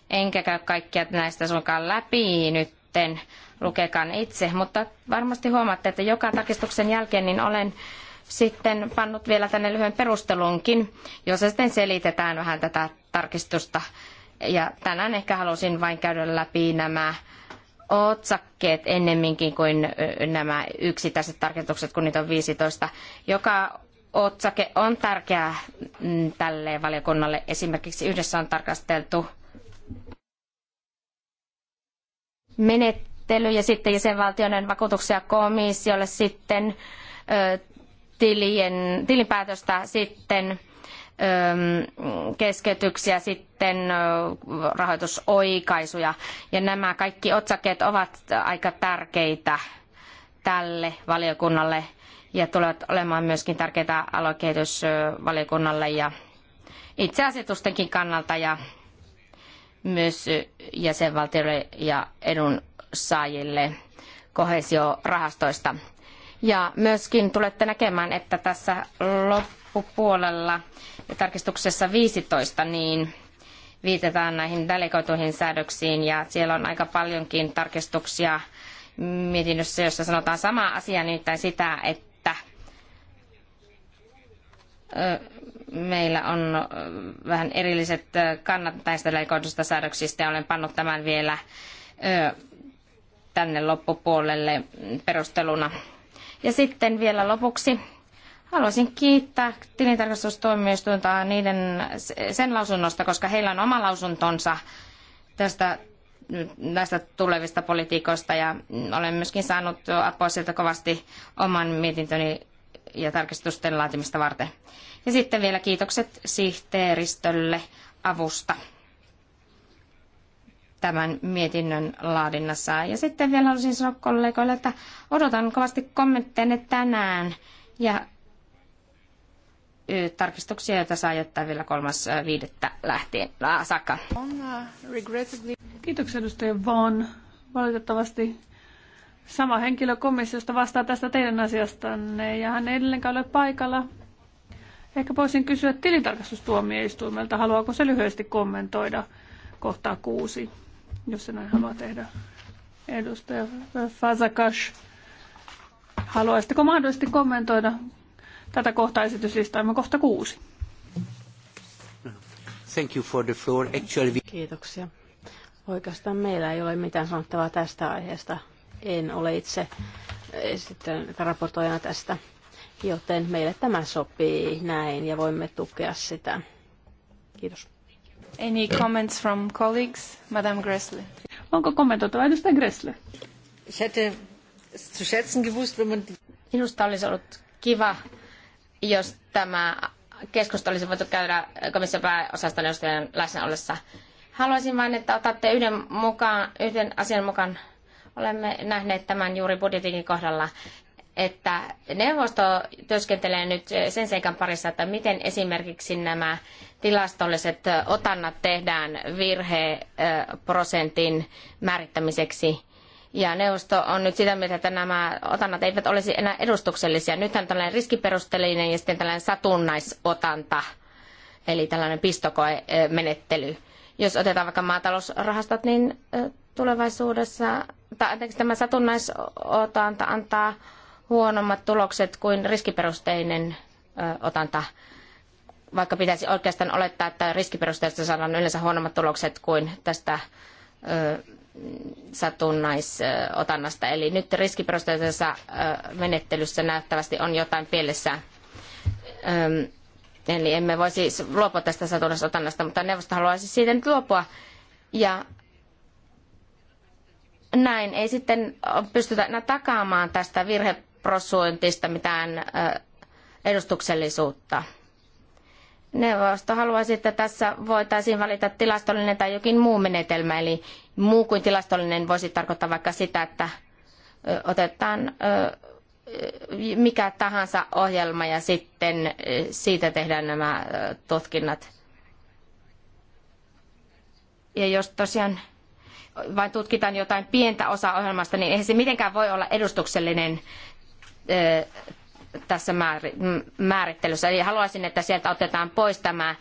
C: enkä käy kaikkia näistä suinkaan läpi nyt sitten, lukekaan itse. Mutta varmasti huomaatte, että joka tarkistuksen jälkeen niin olen sitten pannut vielä tänne lyhyen perustelunkin, jossa sitten selitetään vähän tätä tarkistusta. Ja tänään ehkä halusin vain käydä läpi nämä otsakkeet ennemminkin kuin nämä yksittäiset tarkistukset, kun niitä on 15. Joka otsake on tärkeä mm, tälle valiokunnalle. Esimerkiksi yhdessä on tarkasteltu menettely ja sitten jäsenvaltioiden vakuutuksia komissiolle sitten ö, tilien, tilinpäätöstä sitten keskeytyksiä, sitten rahoitusoikaisuja. Ja nämä kaikki otsakkeet ovat aika tärkeitä tälle valiokunnalle ja tulevat olemaan myöskin tärkeitä aluekehitysvaliokunnalle ja itse asetustenkin kannalta ja myös jäsenvaltioille ja edunsaajille kohesiorahastoista. Ja myöskin tulette näkemään, että tässä loppupuolella tarkistuksessa 15 niin viitataan näihin delegoituihin säädöksiin ja siellä on aika paljonkin tarkistuksia mietinnössä, jossa sanotaan sama asia, nimittäin sitä, että meillä on vähän erilliset kannat näistä leikoitusta säädöksistä ja olen pannut tämän vielä tänne loppupuolelle perusteluna. Ja sitten vielä lopuksi haluaisin kiittää tilintarkastustoimistointa niiden, sen lausunnosta, koska heillä on oma lausuntonsa tästä näistä tulevista politiikoista ja olen myöskin saanut apua sieltä kovasti oman mietintöni ja tarkistusten laatimista varten. Ja sitten vielä kiitokset sihteeristölle avusta tämän mietinnön laadinnassa. Ja sitten vielä haluaisin sanoa kollegoille, että odotan kovasti kommentteja tänään ja tarkistuksia, joita saa jättää vielä kolmas viidettä lähtien äh, saakka. Äh,
A: Kiitoksia edustaja Vaan. Valitettavasti Sama henkilö komissiosta vastaa tästä teidän asiastanne ja hän ei edelleenkään ole paikalla. Ehkä voisin kysyä tilintarkastustuomioistuimelta, haluaako se lyhyesti kommentoida kohtaa kuusi, jos se näin haluaa tehdä. Edustaja Fazakash, haluaisitteko mahdollisesti kommentoida tätä kohtaa esityslistaamme
B: kohta kuusi?
A: Thank you for the floor. Actually...
B: Kiitoksia. Oikeastaan meillä ei ole mitään sanottavaa tästä aiheesta. En ole itse sitten raportoijana tästä, joten meille tämä sopii näin ja voimme tukea sitä. Kiitos. Any comments from
A: colleagues? Madame Gressle. Onko kommentoitava edustaja Gressle?
C: Minusta olisi ollut kiva, jos tämä keskustelu olisi voitu käydä komission pääosaston edustajan läsnä ollessa. Haluaisin vain, että otatte yhden, mukaan, yhden asian mukaan Olemme nähneet tämän juuri budjetin kohdalla, että neuvosto työskentelee nyt sen seikan parissa, että miten esimerkiksi nämä tilastolliset otannat tehdään virheprosentin määrittämiseksi. Ja neuvosto on nyt sitä mieltä, että nämä otannat eivät olisi enää edustuksellisia. Nythän tällainen riskiperusteellinen ja sitten tällainen satunnaisotanta, eli tällainen pistokoemenettely. Eh, Jos otetaan vaikka maatalousrahastot, niin eh, tulevaisuudessa, tai anteeksi, tämä satunnaisotanta antaa huonommat tulokset kuin riskiperusteinen ö, otanta, vaikka pitäisi oikeastaan olettaa, että riskiperusteista saadaan yleensä huonommat tulokset kuin tästä ö, satunnaisotannasta. Eli nyt riskiperusteisessa menettelyssä näyttävästi on jotain pielessä. Eli emme voi siis luopua tästä satunnaisotannasta, mutta neuvosto haluaisi siitä nyt luopua. Ja näin ei sitten pystytä enää takaamaan tästä virheprosointista mitään edustuksellisuutta. Neuvosto haluaisi, että tässä voitaisiin valita tilastollinen tai jokin muu menetelmä, eli muu kuin tilastollinen voisi tarkoittaa vaikka sitä, että otetaan mikä tahansa ohjelma ja sitten siitä tehdään nämä tutkinnat. Ja jos tosiaan vain tutkitaan jotain pientä osaa ohjelmasta, niin eihän se mitenkään voi olla edustuksellinen tässä määrittelyssä. Eli haluaisin, että sieltä otetaan pois tämä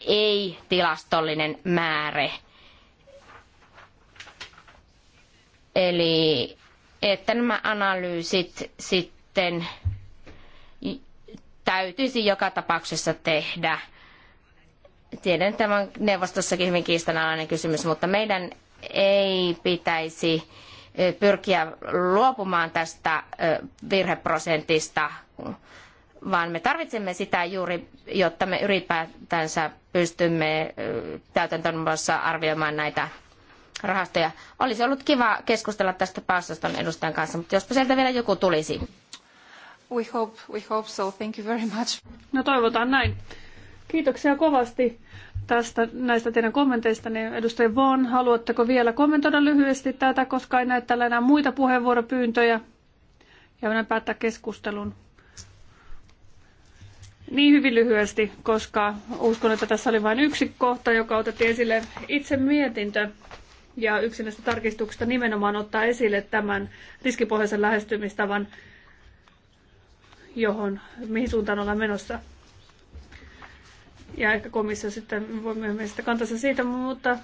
C: ei-tilastollinen määrä. Eli että nämä analyysit sitten täytyisi joka tapauksessa tehdä Tiedän, että tämä on neuvostossakin hyvin kiistanalainen kysymys, mutta meidän ei pitäisi pyrkiä luopumaan tästä virheprosentista, vaan me tarvitsemme sitä juuri, jotta me ylipäätänsä pystymme täytäntöönpanossa arvioimaan näitä rahastoja. Olisi ollut kiva keskustella tästä pääosaston edustajan kanssa, mutta jospa sieltä vielä joku tulisi.
A: We hope, we hope so. Thank you very much. No toivotaan näin. Kiitoksia kovasti tästä, näistä teidän kommenteista. Niin edustaja Von, haluatteko vielä kommentoida lyhyesti tätä, koska ei näe täällä enää muita puheenvuoropyyntöjä? Ja minä päättää keskustelun. Niin hyvin lyhyesti, koska uskon, että tässä oli vain yksi kohta, joka otettiin esille itse mietintö. Ja yksi näistä tarkistuksista nimenomaan ottaa esille tämän riskipohjaisen lähestymistavan, johon, mihin suuntaan ollaan menossa ja ehkä komissio sitten voi myöhemmin sitä kantansa siitä, mutta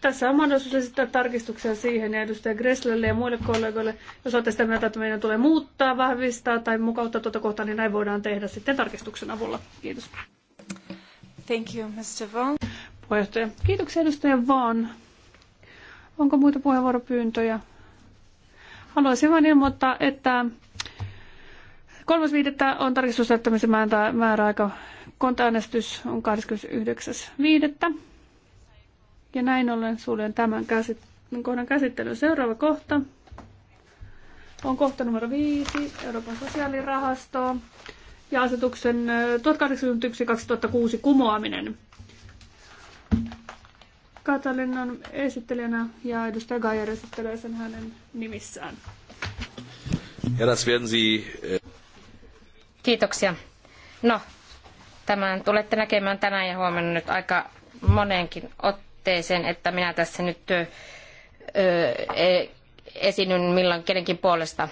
A: tässä on mahdollisuus esittää tarkistuksia siihen ja edustaja Gresslelle ja muille kollegoille. Jos olette sitä mieltä, että meidän tulee muuttaa, vahvistaa tai mukauttaa tuota kohtaa, niin näin voidaan tehdä sitten tarkistuksen avulla. Kiitos. Thank you, Mr. Vaughan. Puheenjohtaja. Kiitoksia edustaja Vaan. Onko muita puheenvuoropyyntöjä? Haluaisin vain ilmoittaa, että Kolmas viidettä on tarkistusjättämisen määräaika Kontaanestys on 29.5. Ja näin ollen suljen tämän käsit- kohdan käsittelyn. Seuraava kohta on kohta numero 5, Euroopan sosiaalirahasto ja asetuksen 1081-2006 kumoaminen. Katalin on esittelijänä ja edustaja Gajer esittelee sen hänen nimissään.
C: Ja tässä Kiitoksia. No, Tämän tulette näkemään tänään ja huomenna nyt aika monenkin otteeseen, että minä tässä nyt ö, e, esinyn milloin kenenkin puolesta.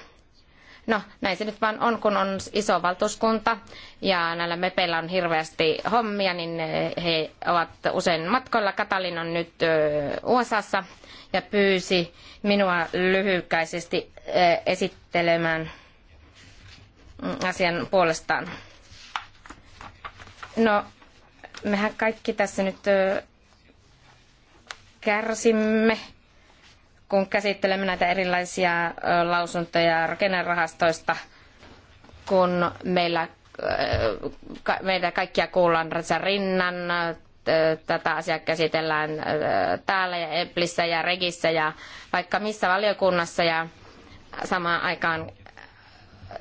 C: No, näin se nyt vaan on, kun on iso valtuuskunta ja näillä mepeillä on hirveästi hommia, niin he ovat usein matkoilla. Katalin on nyt USAssa ja pyysi minua lyhykäisesti esittelemään asian puolestaan. No, mehän kaikki tässä nyt kärsimme, kun käsittelemme näitä erilaisia lausuntoja rakennerahastoista, kun meillä, meitä kaikkia kuullaan Ratsa Rinnan, tätä asiaa käsitellään täällä ja Eplissä ja Regissä ja vaikka missä valiokunnassa ja samaan aikaan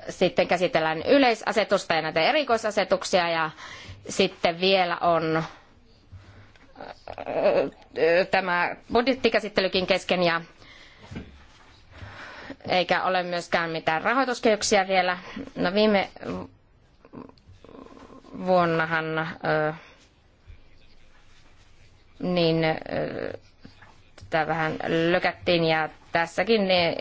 C: sitten käsitellään yleisasetusta ja näitä erikoisasetuksia ja sitten vielä on tämä budjettikäsittelykin kesken ja eikä ole myöskään mitään rahoituskehyksiä vielä. No viime vuonnahan niin tätä vähän lykättiin ja tässäkin ne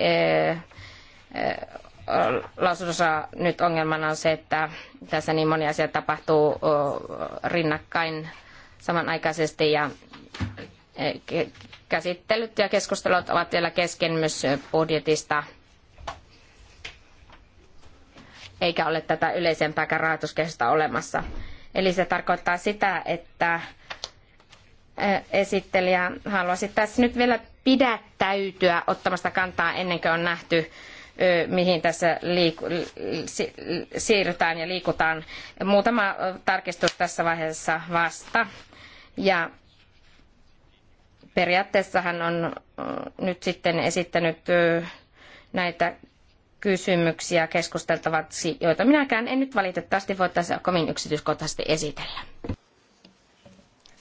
C: lausunnossa nyt ongelmana on se, että tässä niin moni asia tapahtuu rinnakkain samanaikaisesti ja e, käsittelyt ja keskustelut ovat vielä kesken myös budjetista eikä ole tätä yleisempääkään rahoituskehystä olemassa. Eli se tarkoittaa sitä, että e, esittelijä haluaisi tässä nyt vielä pidättäytyä ottamasta kantaa ennen kuin on nähty mihin tässä liiku, siirrytään ja liikutaan. Muutama tarkistus tässä vaiheessa vasta. Ja periaatteessa hän on nyt sitten esittänyt näitä kysymyksiä keskusteltavaksi, joita minäkään en nyt valitettavasti voi tässä kovin yksityiskohtaisesti esitellä.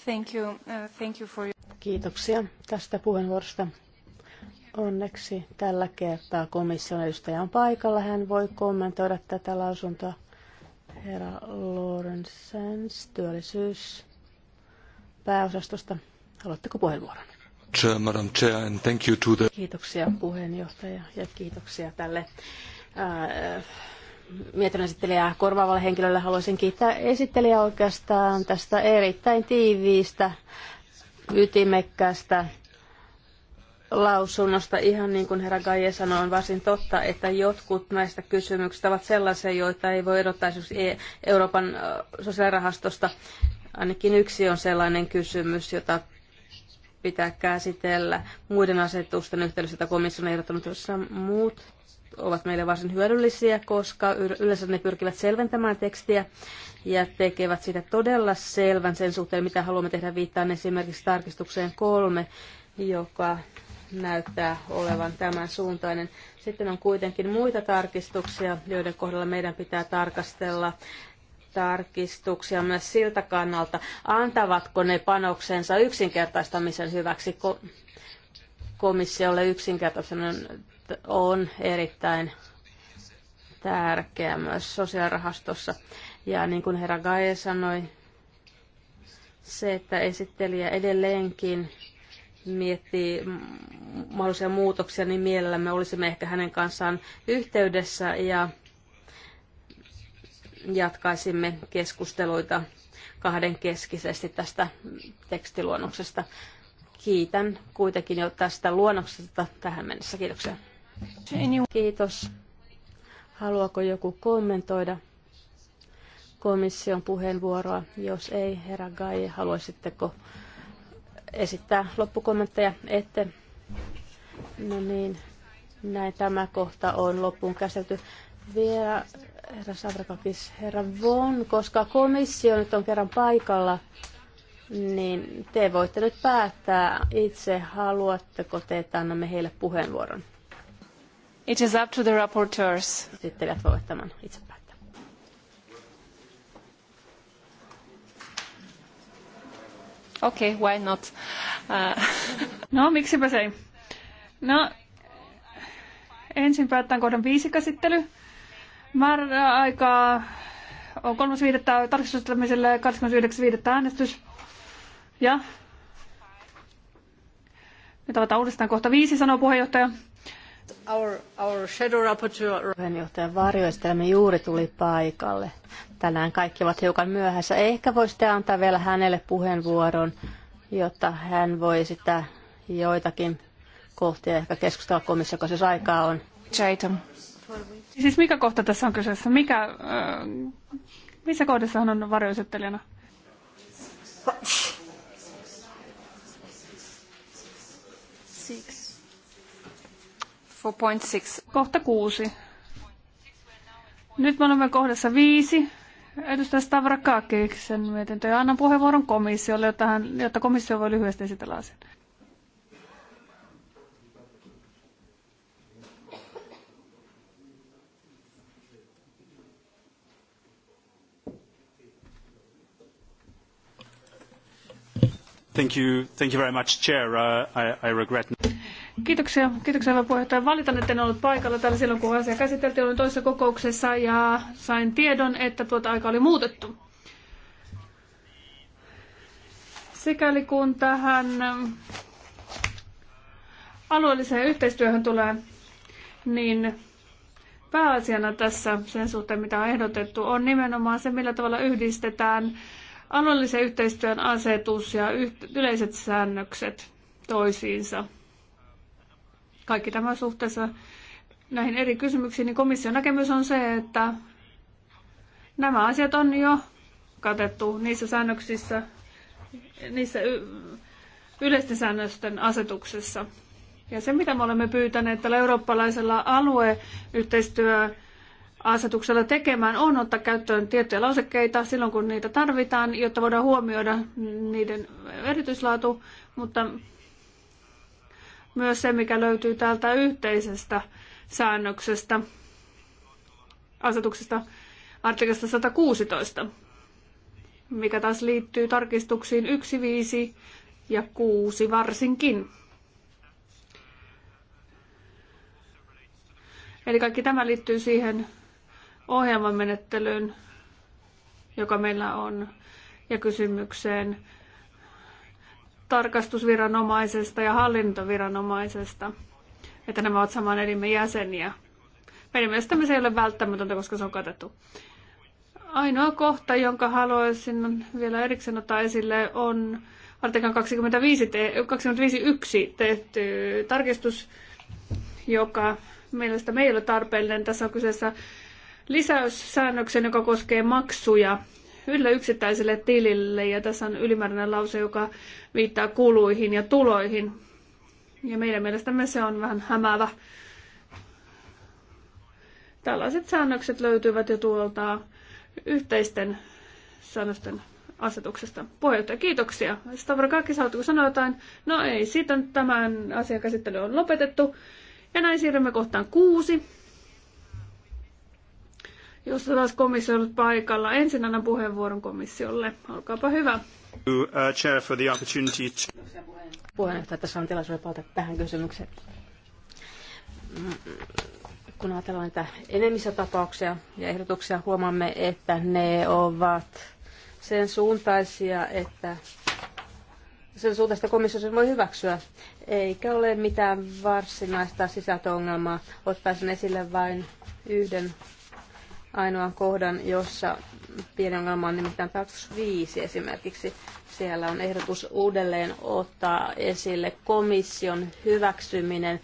A: Thank you. Uh, thank you for...
B: Kiitoksia tästä puheenvuorosta. Onneksi tällä kertaa komission edustaja on paikalla. Hän voi kommentoida tätä lausuntoa. Herra Lorenzens, työllisyys pääosastosta. Haluatteko puheenvuoron?
C: Madam Chair, and thank you to the...
B: Kiitoksia puheenjohtaja ja kiitoksia tälle äh, mietinnön esittelijää korvaavalle henkilölle. Haluaisin kiittää esittelijää oikeastaan tästä erittäin tiiviistä, ytimekkäästä lausunnosta, ihan niin kuin herra Gaie sanoi, on varsin totta, että jotkut näistä kysymyksistä ovat sellaisia, joita ei voi erottaa esimerkiksi e- Euroopan sosiaalirahastosta. Ainakin yksi on sellainen kysymys, jota pitää käsitellä muiden asetusten yhteydessä, jota komissio on ehdottanut, jossa muut ovat meille varsin hyödyllisiä, koska yleensä ne pyrkivät selventämään tekstiä ja tekevät sitä todella selvän sen suhteen, mitä haluamme tehdä. Viittaan esimerkiksi tarkistukseen kolme, joka näyttää olevan tämän suuntainen. Sitten on kuitenkin muita tarkistuksia, joiden kohdalla meidän pitää tarkastella tarkistuksia myös siltä kannalta, antavatko ne panoksensa yksinkertaistamisen hyväksi komissiolle yksinkertaisen on erittäin tärkeä myös sosiaalirahastossa. Ja niin kuin herra Gaie sanoi, se, että esittelijä edelleenkin miettii mahdollisia muutoksia, niin mielellämme olisimme ehkä hänen kanssaan yhteydessä ja jatkaisimme keskusteluita kahden keskisesti tästä tekstiluonnoksesta. Kiitän kuitenkin jo tästä luonnoksesta tähän mennessä. Kiitoksia. Kiitos. Haluaako joku kommentoida komission puheenvuoroa? Jos ei, herra Gai, haluaisitteko esittää loppukommentteja? Ette? No niin, näin tämä kohta on loppuun käsitelty. Vielä herra Savrakakis, herra Von, koska komissio nyt on kerran paikalla, niin te voitte nyt päättää itse, haluatteko te, että annamme heille puheenvuoron. It is up to the rapporteurs. Sitten voivat tämän itse
A: Okei, okay, why not? Uh. No, miksipä se ei. No, ensin päätetään kohdan viisi käsittely. Määräaikaa on 3.5. tarkistustamiselle 29.5. äänestys. Ja nyt avataan uudestaan kohta viisi, sanoo puheenjohtaja.
B: Our, shadow rapporteur... Puheenjohtaja Varjoistelmi juuri tuli paikalle. Tänään kaikki ovat hiukan myöhässä. Ehkä voisitte antaa vielä hänelle puheenvuoron, jotta hän voi sitä joitakin kohtia ehkä keskustella komissio, koska jos aikaa on. Chaitan.
A: Siis mikä kohta tässä on kyseessä? Mikä, äh, missä kohdassa hän on varjoesittelijänä? 4.6. Kohta kuusi. Nyt me olemme kohdassa viisi. Edustaja Stavrakakiksen mietintö ja annan puheenvuoron komissiolle, jotta, hän, jotta komissio voi lyhyesti esitellä asian.
B: Thank you, thank you very much, Chair. Uh, I, I regret.
A: Kiitoksia. Kiitoksia hyvä puheenjohtaja. Valitan, että en ollut paikalla täällä silloin, kun asia käsiteltiin. Olin toisessa kokouksessa ja sain tiedon, että tuota aika oli muutettu. Sikäli kun tähän alueelliseen yhteistyöhön tulee, niin pääasiana tässä sen suhteen, mitä on ehdotettu, on nimenomaan se, millä tavalla yhdistetään alueellisen yhteistyön asetus ja yleiset säännökset toisiinsa. Kaikki tämä suhteessa näihin eri kysymyksiin, niin komission näkemys on se, että nämä asiat on jo katettu niissä säännöksissä, niissä y- yleisten säännösten asetuksessa. Ja se, mitä me olemme pyytäneet tällä eurooppalaisella alueyhteistyöasetuksella tekemään, on ottaa käyttöön tiettyjä lausekkeita silloin, kun niitä tarvitaan, jotta voidaan huomioida niiden erityislaatu, mutta myös se, mikä löytyy täältä yhteisestä säännöksestä, asetuksesta artiklasta 116, mikä taas liittyy tarkistuksiin 1, 5 ja 6 varsinkin. Eli kaikki tämä liittyy siihen ohjelmamenettelyyn, joka meillä on, ja kysymykseen tarkastusviranomaisesta ja hallintoviranomaisesta, että nämä ovat saman elimen jäseniä. Meidän mielestämme se ei ole välttämätöntä, koska se on katettu. Ainoa kohta, jonka haluaisin vielä erikseen ottaa esille, on artiklan 25, 25.1 tehty tarkistus, joka mielestäni ei ole tarpeellinen. Tässä on kyseessä lisäyssäännöksen, joka koskee maksuja Yllä yksittäiselle tilille ja tässä on ylimääräinen lause, joka viittaa kuluihin ja tuloihin. Ja meidän mielestämme se on vähän hämävä. Tällaiset säännökset löytyvät jo tuolta yhteisten säännösten asetuksesta. Puheenjohtaja, kiitoksia. Stavrakakis, haluatko sanoa jotain? No ei, sitten tämän asian käsittely on lopetettu. Ja näin siirrymme kohtaan kuusi jos taas komissio on paikalla. Ensin annan puheenvuoron komissiolle.
B: Olkaapa hyvä. Uh, Puheenjohtaja, tässä on tilaisuus palata tähän kysymykseen. Kun ajatellaan näitä enemmissä tapauksia ja ehdotuksia, huomaamme, että ne ovat sen suuntaisia, että sen suuntaista komissio sen voi hyväksyä. Eikä ole mitään varsinaista sisältöongelmaa. Ottaisin esille vain yhden ainoan kohdan, jossa pieni ongelma on nimittäin päätös 5 esimerkiksi. Siellä on ehdotus uudelleen ottaa esille komission hyväksyminen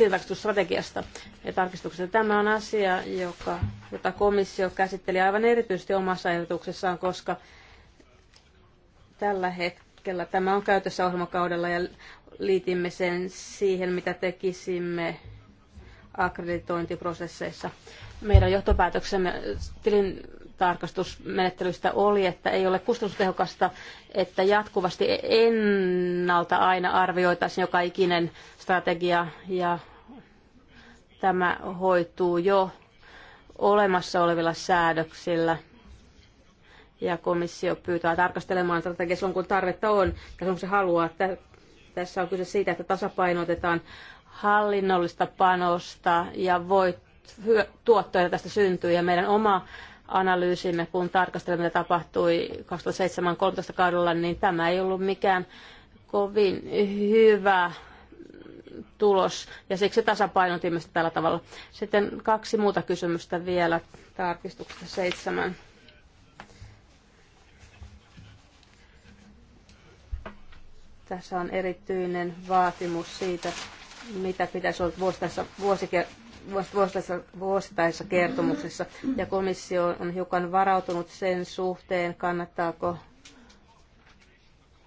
B: hyväksytysstrategiasta ja tarkistuksesta. Tämä on asia, joka, jota komissio käsitteli aivan erityisesti omassa ehdotuksessaan, koska tällä hetkellä tämä on käytössä ohjelmakaudella ja liitimme sen siihen, mitä tekisimme akkreditointiprosesseissa meidän johtopäätöksemme tilintarkastusmenettelystä oli, että ei ole kustannustehokasta, että jatkuvasti ennalta aina arvioitaisiin joka ikinen strategia ja tämä hoituu jo olemassa olevilla säädöksillä. Ja komissio pyytää tarkastelemaan strategiaa silloin, kun tarvetta on ja silloin, kun se haluaa. Tässä on kyse siitä, että tasapainotetaan hallinnollista panosta ja voit tuottoja tästä syntyy ja meidän oma analyysimme, kun tarkastelemme, mitä tapahtui 2007-2013 kaudella, niin tämä ei ollut mikään kovin hyvä tulos, ja siksi tasapainotimme sitä tällä tavalla. Sitten kaksi muuta kysymystä vielä tarkistuksesta seitsemän. Tässä on erityinen vaatimus siitä, mitä pitäisi olla vuosittaisessa, vuosiker- vuosittaisessa kertomuksessa, ja komissio on hiukan varautunut sen suhteen, kannattaako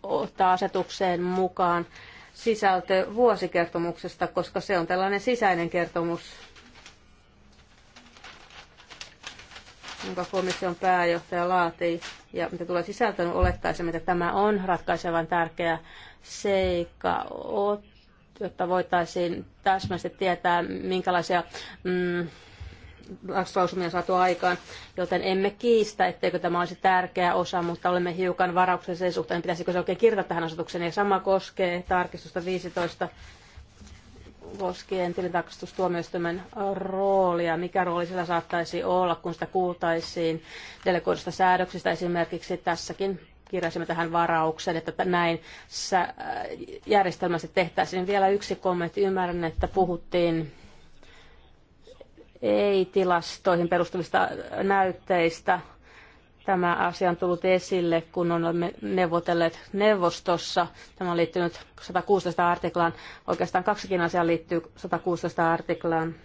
B: ottaa asetukseen mukaan sisältö vuosikertomuksesta, koska se on tällainen sisäinen kertomus, jonka komission pääjohtaja laatii. Ja mitä tulee sisältöön, olettaisimme, että tämä on ratkaisevan tärkeä seikka. Ot- jotta voitaisiin täsmästi tietää, minkälaisia mm, lausumia saatu aikaan, joten emme kiistä, etteikö tämä olisi tärkeä osa, mutta olemme hiukan varauksen sen suhteen, pitäisikö se oikein kirjata tähän asetukseen. Ja sama koskee tarkistusta 15 koskien tilintarkastustuomioistuimen roolia, mikä rooli sillä saattaisi olla, kun sitä kuultaisiin delegoidusta säädöksistä esimerkiksi tässäkin kirjasimme tähän varaukseen, että näin äh, järjestelmässä tehtäisiin. Vielä yksi kommentti. Ymmärrän, että puhuttiin ei-tilastoihin perustuvista äh, näytteistä. Tämä asia on tullut esille, kun olemme neuvotelleet neuvostossa. Tämä on liittynyt 116 artiklaan. Oikeastaan kaksikin asiaa liittyy 116 artiklaan.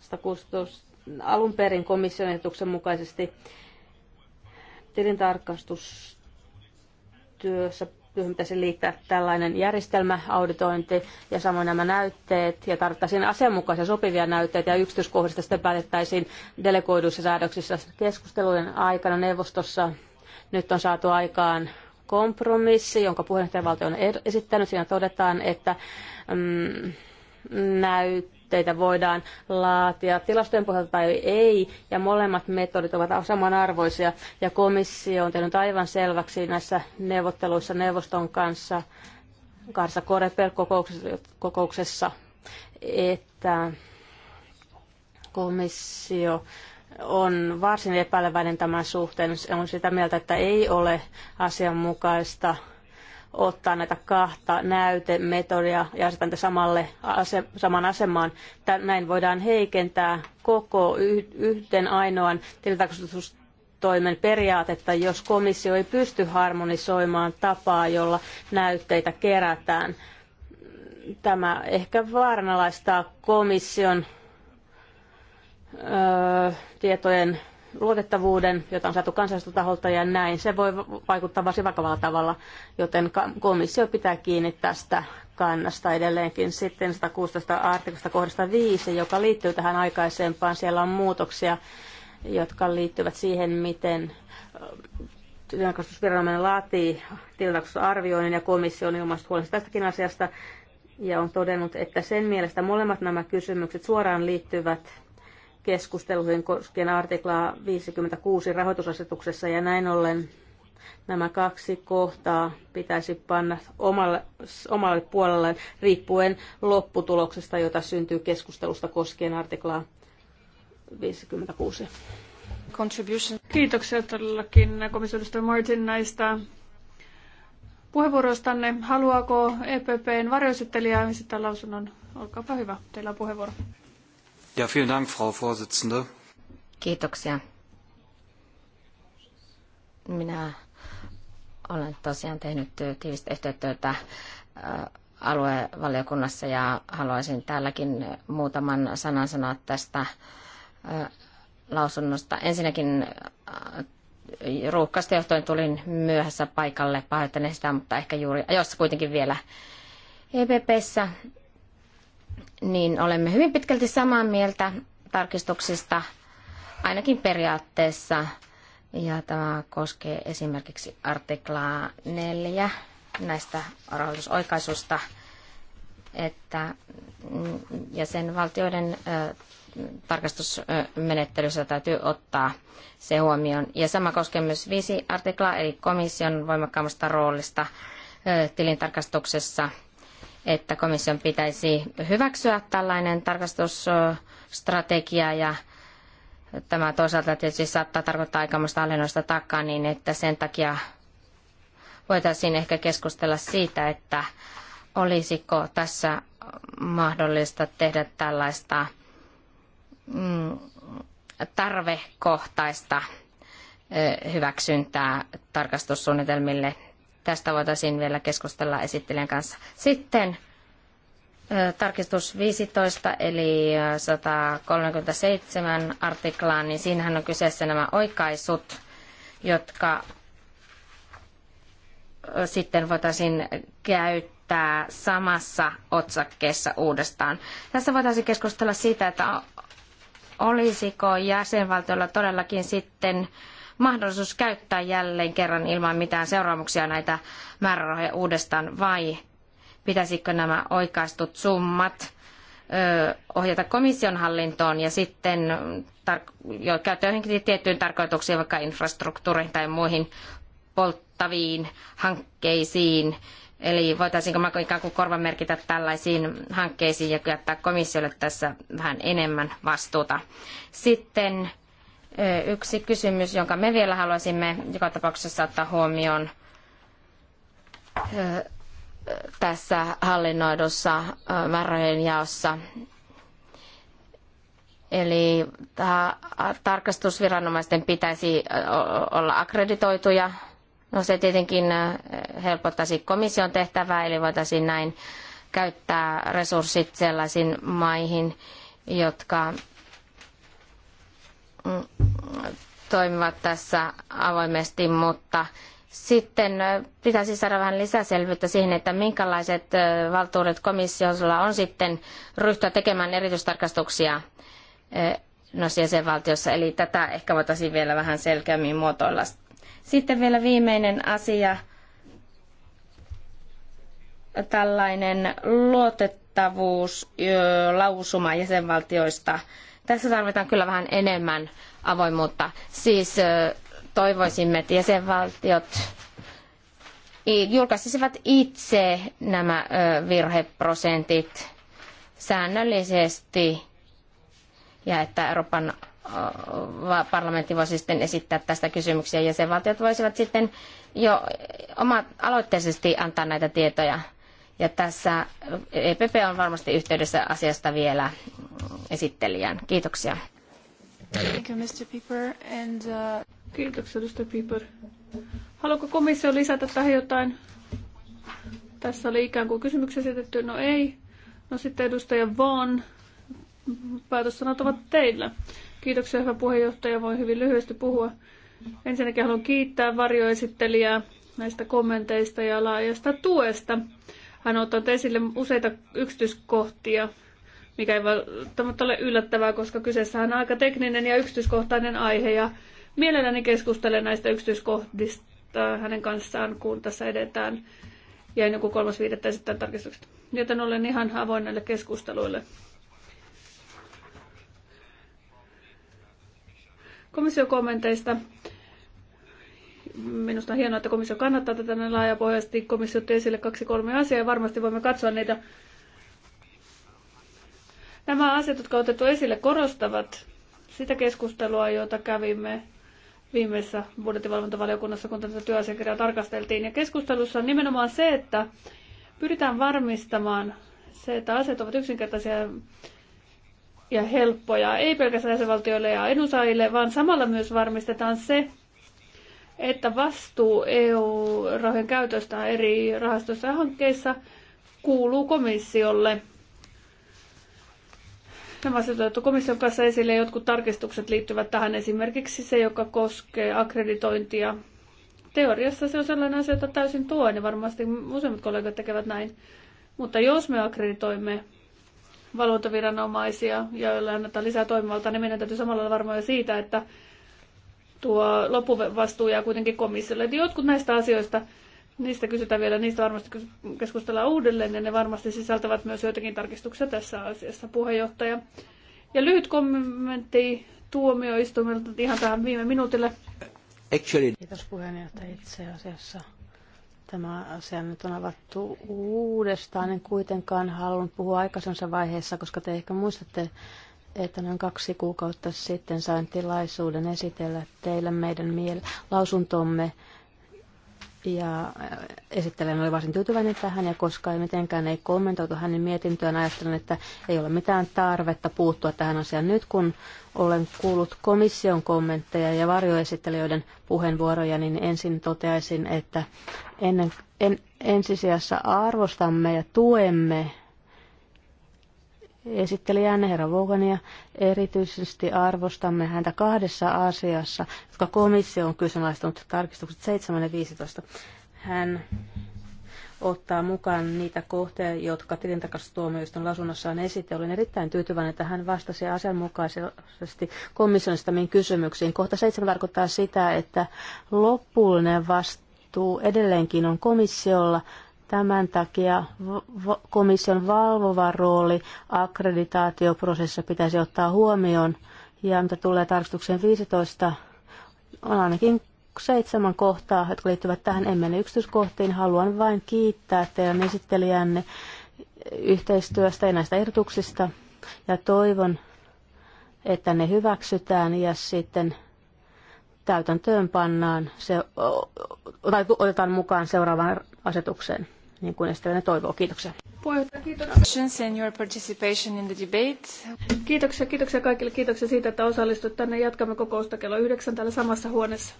B: 116 alun perin komission ehdotuksen mukaisesti tilintarkastus työssä työhön pitäisi liittää tällainen järjestelmäauditointi ja samoin nämä näytteet ja tarvittaisiin asianmukaisia sopivia näytteitä ja yksityiskohdista sitten päätettäisiin delegoiduissa säädöksissä keskustelujen aikana neuvostossa. Nyt on saatu aikaan kompromissi, jonka puheenjohtajavaltio on esittänyt. Siinä todetaan, että mm, näyt väitteitä voidaan laatia tilastojen pohjalta tai ei, ja molemmat metodit ovat samanarvoisia, ja komissio on tehnyt aivan selväksi näissä neuvotteluissa neuvoston kanssa, kanssa Koreper-kokouksessa, että komissio on varsin epäileväinen tämän suhteen. Se on sitä mieltä, että ei ole asianmukaista ottaa näitä kahta näytemetodia ja asettaa niitä samalle ase, saman asemaan. Tän, näin voidaan heikentää koko yh, yhden ainoan tilitarkastus toimen periaatetta, jos komissio ei pysty harmonisoimaan tapaa, jolla näytteitä kerätään. Tämä ehkä vaaranalaistaa komission öö, tietojen luotettavuuden, jota on saatu kansalliselta taholta ja näin. Se voi vaikuttaa varsin vakavalla tavalla, joten komissio pitää kiinni tästä kannasta edelleenkin sitten 116 artikosta kohdasta 5, joka liittyy tähän aikaisempaan. Siellä on muutoksia, jotka liittyvät siihen, miten tilintarkastusviranomainen laatii tilintarkastusarvioinnin ja komission ilmaisut huolesta tästäkin asiasta ja on todennut, että sen mielestä molemmat nämä kysymykset suoraan liittyvät keskusteluihin koskien artiklaa 56 rahoitusasetuksessa ja näin ollen nämä kaksi kohtaa pitäisi panna omalle, omalle puolelle riippuen lopputuloksesta, jota syntyy keskustelusta koskien artiklaa 56.
A: Contribution. Kiitoksia todellakin komissiodustaja Martin näistä puheenvuoroistanne. Haluaako EPPn varjoesittelijä esittää lausunnon? Olkaapa hyvä, teillä on puheenvuoro.
C: Ja, vielen Dank, Frau Vorsitzende. Kiitoksia. Minä olen tosiaan tehnyt tiivistä yhteistyötä äh, aluevaliokunnassa ja haluaisin täälläkin muutaman sanan sanoa tästä äh, lausunnosta. Ensinnäkin äh, ruuhkasta johtuen tulin myöhässä paikalle, pahoittelen sitä, mutta ehkä juuri ajoissa kuitenkin vielä EPPssä niin olemme hyvin pitkälti samaa mieltä tarkistuksista, ainakin periaatteessa. Ja tämä koskee esimerkiksi artiklaa 4 näistä rahoitusoikaisuista, että jäsenvaltioiden tarkastusmenettelyssä täytyy ottaa se huomioon. Ja sama koskee myös viisi artiklaa, eli komission voimakkaammasta roolista tilintarkastuksessa – että komission pitäisi hyväksyä tällainen tarkastusstrategia ja tämä toisaalta tietysti saattaa tarkoittaa aikamoista hallinnoista takaa, niin että sen takia voitaisiin ehkä keskustella siitä, että olisiko tässä mahdollista tehdä tällaista mm, tarvekohtaista hyväksyntää tarkastussuunnitelmille Tästä voitaisiin vielä keskustella esittelijän kanssa. Sitten tarkistus 15 eli 137 artiklaan, niin siinähän on kyseessä nämä oikaisut, jotka sitten voitaisiin käyttää samassa otsakkeessa uudestaan. Tässä voitaisiin keskustella siitä, että olisiko jäsenvaltiolla todellakin sitten mahdollisuus käyttää jälleen kerran ilman mitään seuraamuksia näitä määrärahoja uudestaan vai pitäisikö nämä oikaistut summat ohjata komission hallintoon ja sitten tar- jo käyttää johonkin tiettyyn tarkoituksiin, vaikka infrastruktuuriin tai muihin polttaviin hankkeisiin. Eli voitaisiinko mä ikään kuin korvamerkitä tällaisiin hankkeisiin ja jättää komissiolle tässä vähän enemmän vastuuta. Sitten Yksi kysymys, jonka me vielä haluaisimme joka tapauksessa ottaa huomioon tässä hallinnoidussa varojen jaossa. Eli tarkastusviranomaisten pitäisi olla akkreditoituja. No se tietenkin helpottaisi komission tehtävää, eli voitaisiin näin käyttää resurssit sellaisiin maihin, jotka toimivat tässä avoimesti, mutta sitten pitäisi saada vähän lisäselvyyttä siihen, että minkälaiset valtuudet komissiolla on sitten ryhtyä tekemään erityistarkastuksia noissa jäsenvaltioissa. Eli tätä ehkä voitaisiin vielä vähän selkeämmin muotoilla. Sitten vielä viimeinen asia, tällainen luotettavuuslausuma jäsenvaltioista – tässä tarvitaan kyllä vähän enemmän avoimuutta. Siis toivoisimme, että jäsenvaltiot julkaisisivat itse nämä virheprosentit säännöllisesti ja että Euroopan parlamentti voisi sitten esittää tästä kysymyksiä ja jäsenvaltiot voisivat sitten jo omat aloitteisesti antaa näitä tietoja. Ja tässä EPP on varmasti yhteydessä asiasta vielä esittelijän. Kiitoksia.
A: Thank you, Mr. And, uh... Kiitoksia, Mr. Piper. Haluatko komissio lisätä tähän jotain? Tässä oli ikään kuin kysymyksiä esitetty. No ei. No sitten edustaja Vaan. Päätössanat ovat teillä. Kiitoksia, hyvä puheenjohtaja. Voin hyvin lyhyesti puhua. Ensinnäkin haluan kiittää varjoesittelijää näistä kommenteista ja laajasta tuesta hän on ottanut esille useita yksityiskohtia, mikä ei välttämättä ole yllättävää, koska kyseessä on aika tekninen ja yksityiskohtainen aihe. Ja mielelläni keskustelen näistä yksityiskohdista hänen kanssaan, kun tässä edetään. Ja ennen kuin kolmas viidettä esittää tarkistukset. Joten olen ihan avoin näille keskusteluille. Komission kommenteista Minusta on hienoa, että komissio kannattaa tätä näin laajapohjaisesti. Komissio otti esille kaksi kolme asiaa ja varmasti voimme katsoa niitä. Nämä asiat, jotka on otettu esille, korostavat sitä keskustelua, jota kävimme viimeisessä budjettivalvontavaliokunnassa, kun tätä työasiakirjaa tarkasteltiin. Ja keskustelussa on nimenomaan se, että pyritään varmistamaan se, että asiat ovat yksinkertaisia ja helppoja, ei pelkästään jäsenvaltioille ja edunsaajille, vaan samalla myös varmistetaan se, että vastuu EU-rahojen käytöstä eri rahastoissa ja hankkeissa kuuluu komissiolle. Tämä on otettu komission kanssa esille. Jotkut tarkistukset liittyvät tähän esimerkiksi se, joka koskee akkreditointia. Teoriassa se on sellainen asia, jota täysin tuo, niin varmasti useimmat kollegat tekevät näin. Mutta jos me akkreditoimme valvontaviranomaisia, joilla annetaan lisää toimivaltaa, niin meidän täytyy samalla olla varmoja siitä, että tuo loppuvastuu jää kuitenkin komissiolle. jotkut näistä asioista, niistä kysytään vielä, niistä varmasti keskustellaan uudelleen ja ne varmasti sisältävät myös joitakin tarkistuksia tässä asiassa, puheenjohtaja. Ja lyhyt kommentti tuomioistuimelta ihan tähän viime minuutille. Actually. Kiitos puheenjohtaja
B: itse asiassa. Tämä asia nyt on avattu uudestaan. En kuitenkaan halunnut puhua aikaisemmassa vaiheessa, koska te ehkä muistatte, että noin kaksi kuukautta sitten sain tilaisuuden esitellä teille meidän miel- lausuntomme ja äh, esittelen oli varsin tyytyväinen tähän ja koska ei mitenkään ei kommentoitu hänen mietintöön, ajattelen, että ei ole mitään tarvetta puuttua tähän asiaan nyt, kun olen kuullut komission kommentteja ja varjoesittelijöiden puheenvuoroja, niin ensin toteaisin, että ennen, en, ensisijassa arvostamme ja tuemme esittelijänne herra Vogania. Erityisesti arvostamme häntä kahdessa asiassa, jotka komissio on kyseenalaistanut tarkistukset 7 ja 15. Hän ottaa mukaan niitä kohteja, jotka tilintarkastustuomioistuin lausunnossaan esitti. Olin erittäin tyytyväinen, että hän vastasi asianmukaisesti komissionistamiin kysymyksiin. Kohta 7 tarkoittaa sitä, että lopullinen vastuu edelleenkin on komissiolla – Tämän takia komission valvova rooli akkreditaatioprosessissa pitäisi ottaa huomioon. Ja mitä tulee tarkistukseen 15, on ainakin seitsemän kohtaa, jotka liittyvät tähän. En mene yksityiskohtiin. Haluan vain kiittää teidän esittelijänne yhteistyöstä ja näistä ehdotuksista. Ja toivon, että ne hyväksytään ja sitten täytäntöön pannaan se, tai otetaan mukaan seuraavaan asetukseen niin kuin esittelijänne toivoo. Kiitoksia.
A: Puheenjohtaja, debate. Kiitoksia, kiitoksia kaikille. Kiitoksia siitä, että osallistut tänne. Jatkamme kokousta kello yhdeksän täällä samassa huoneessa.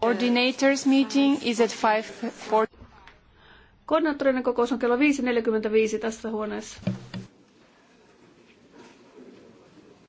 A: Coordinators meeting is at 5.40. Koordinaattorinen kokous on kello 5.45 tässä huoneessa.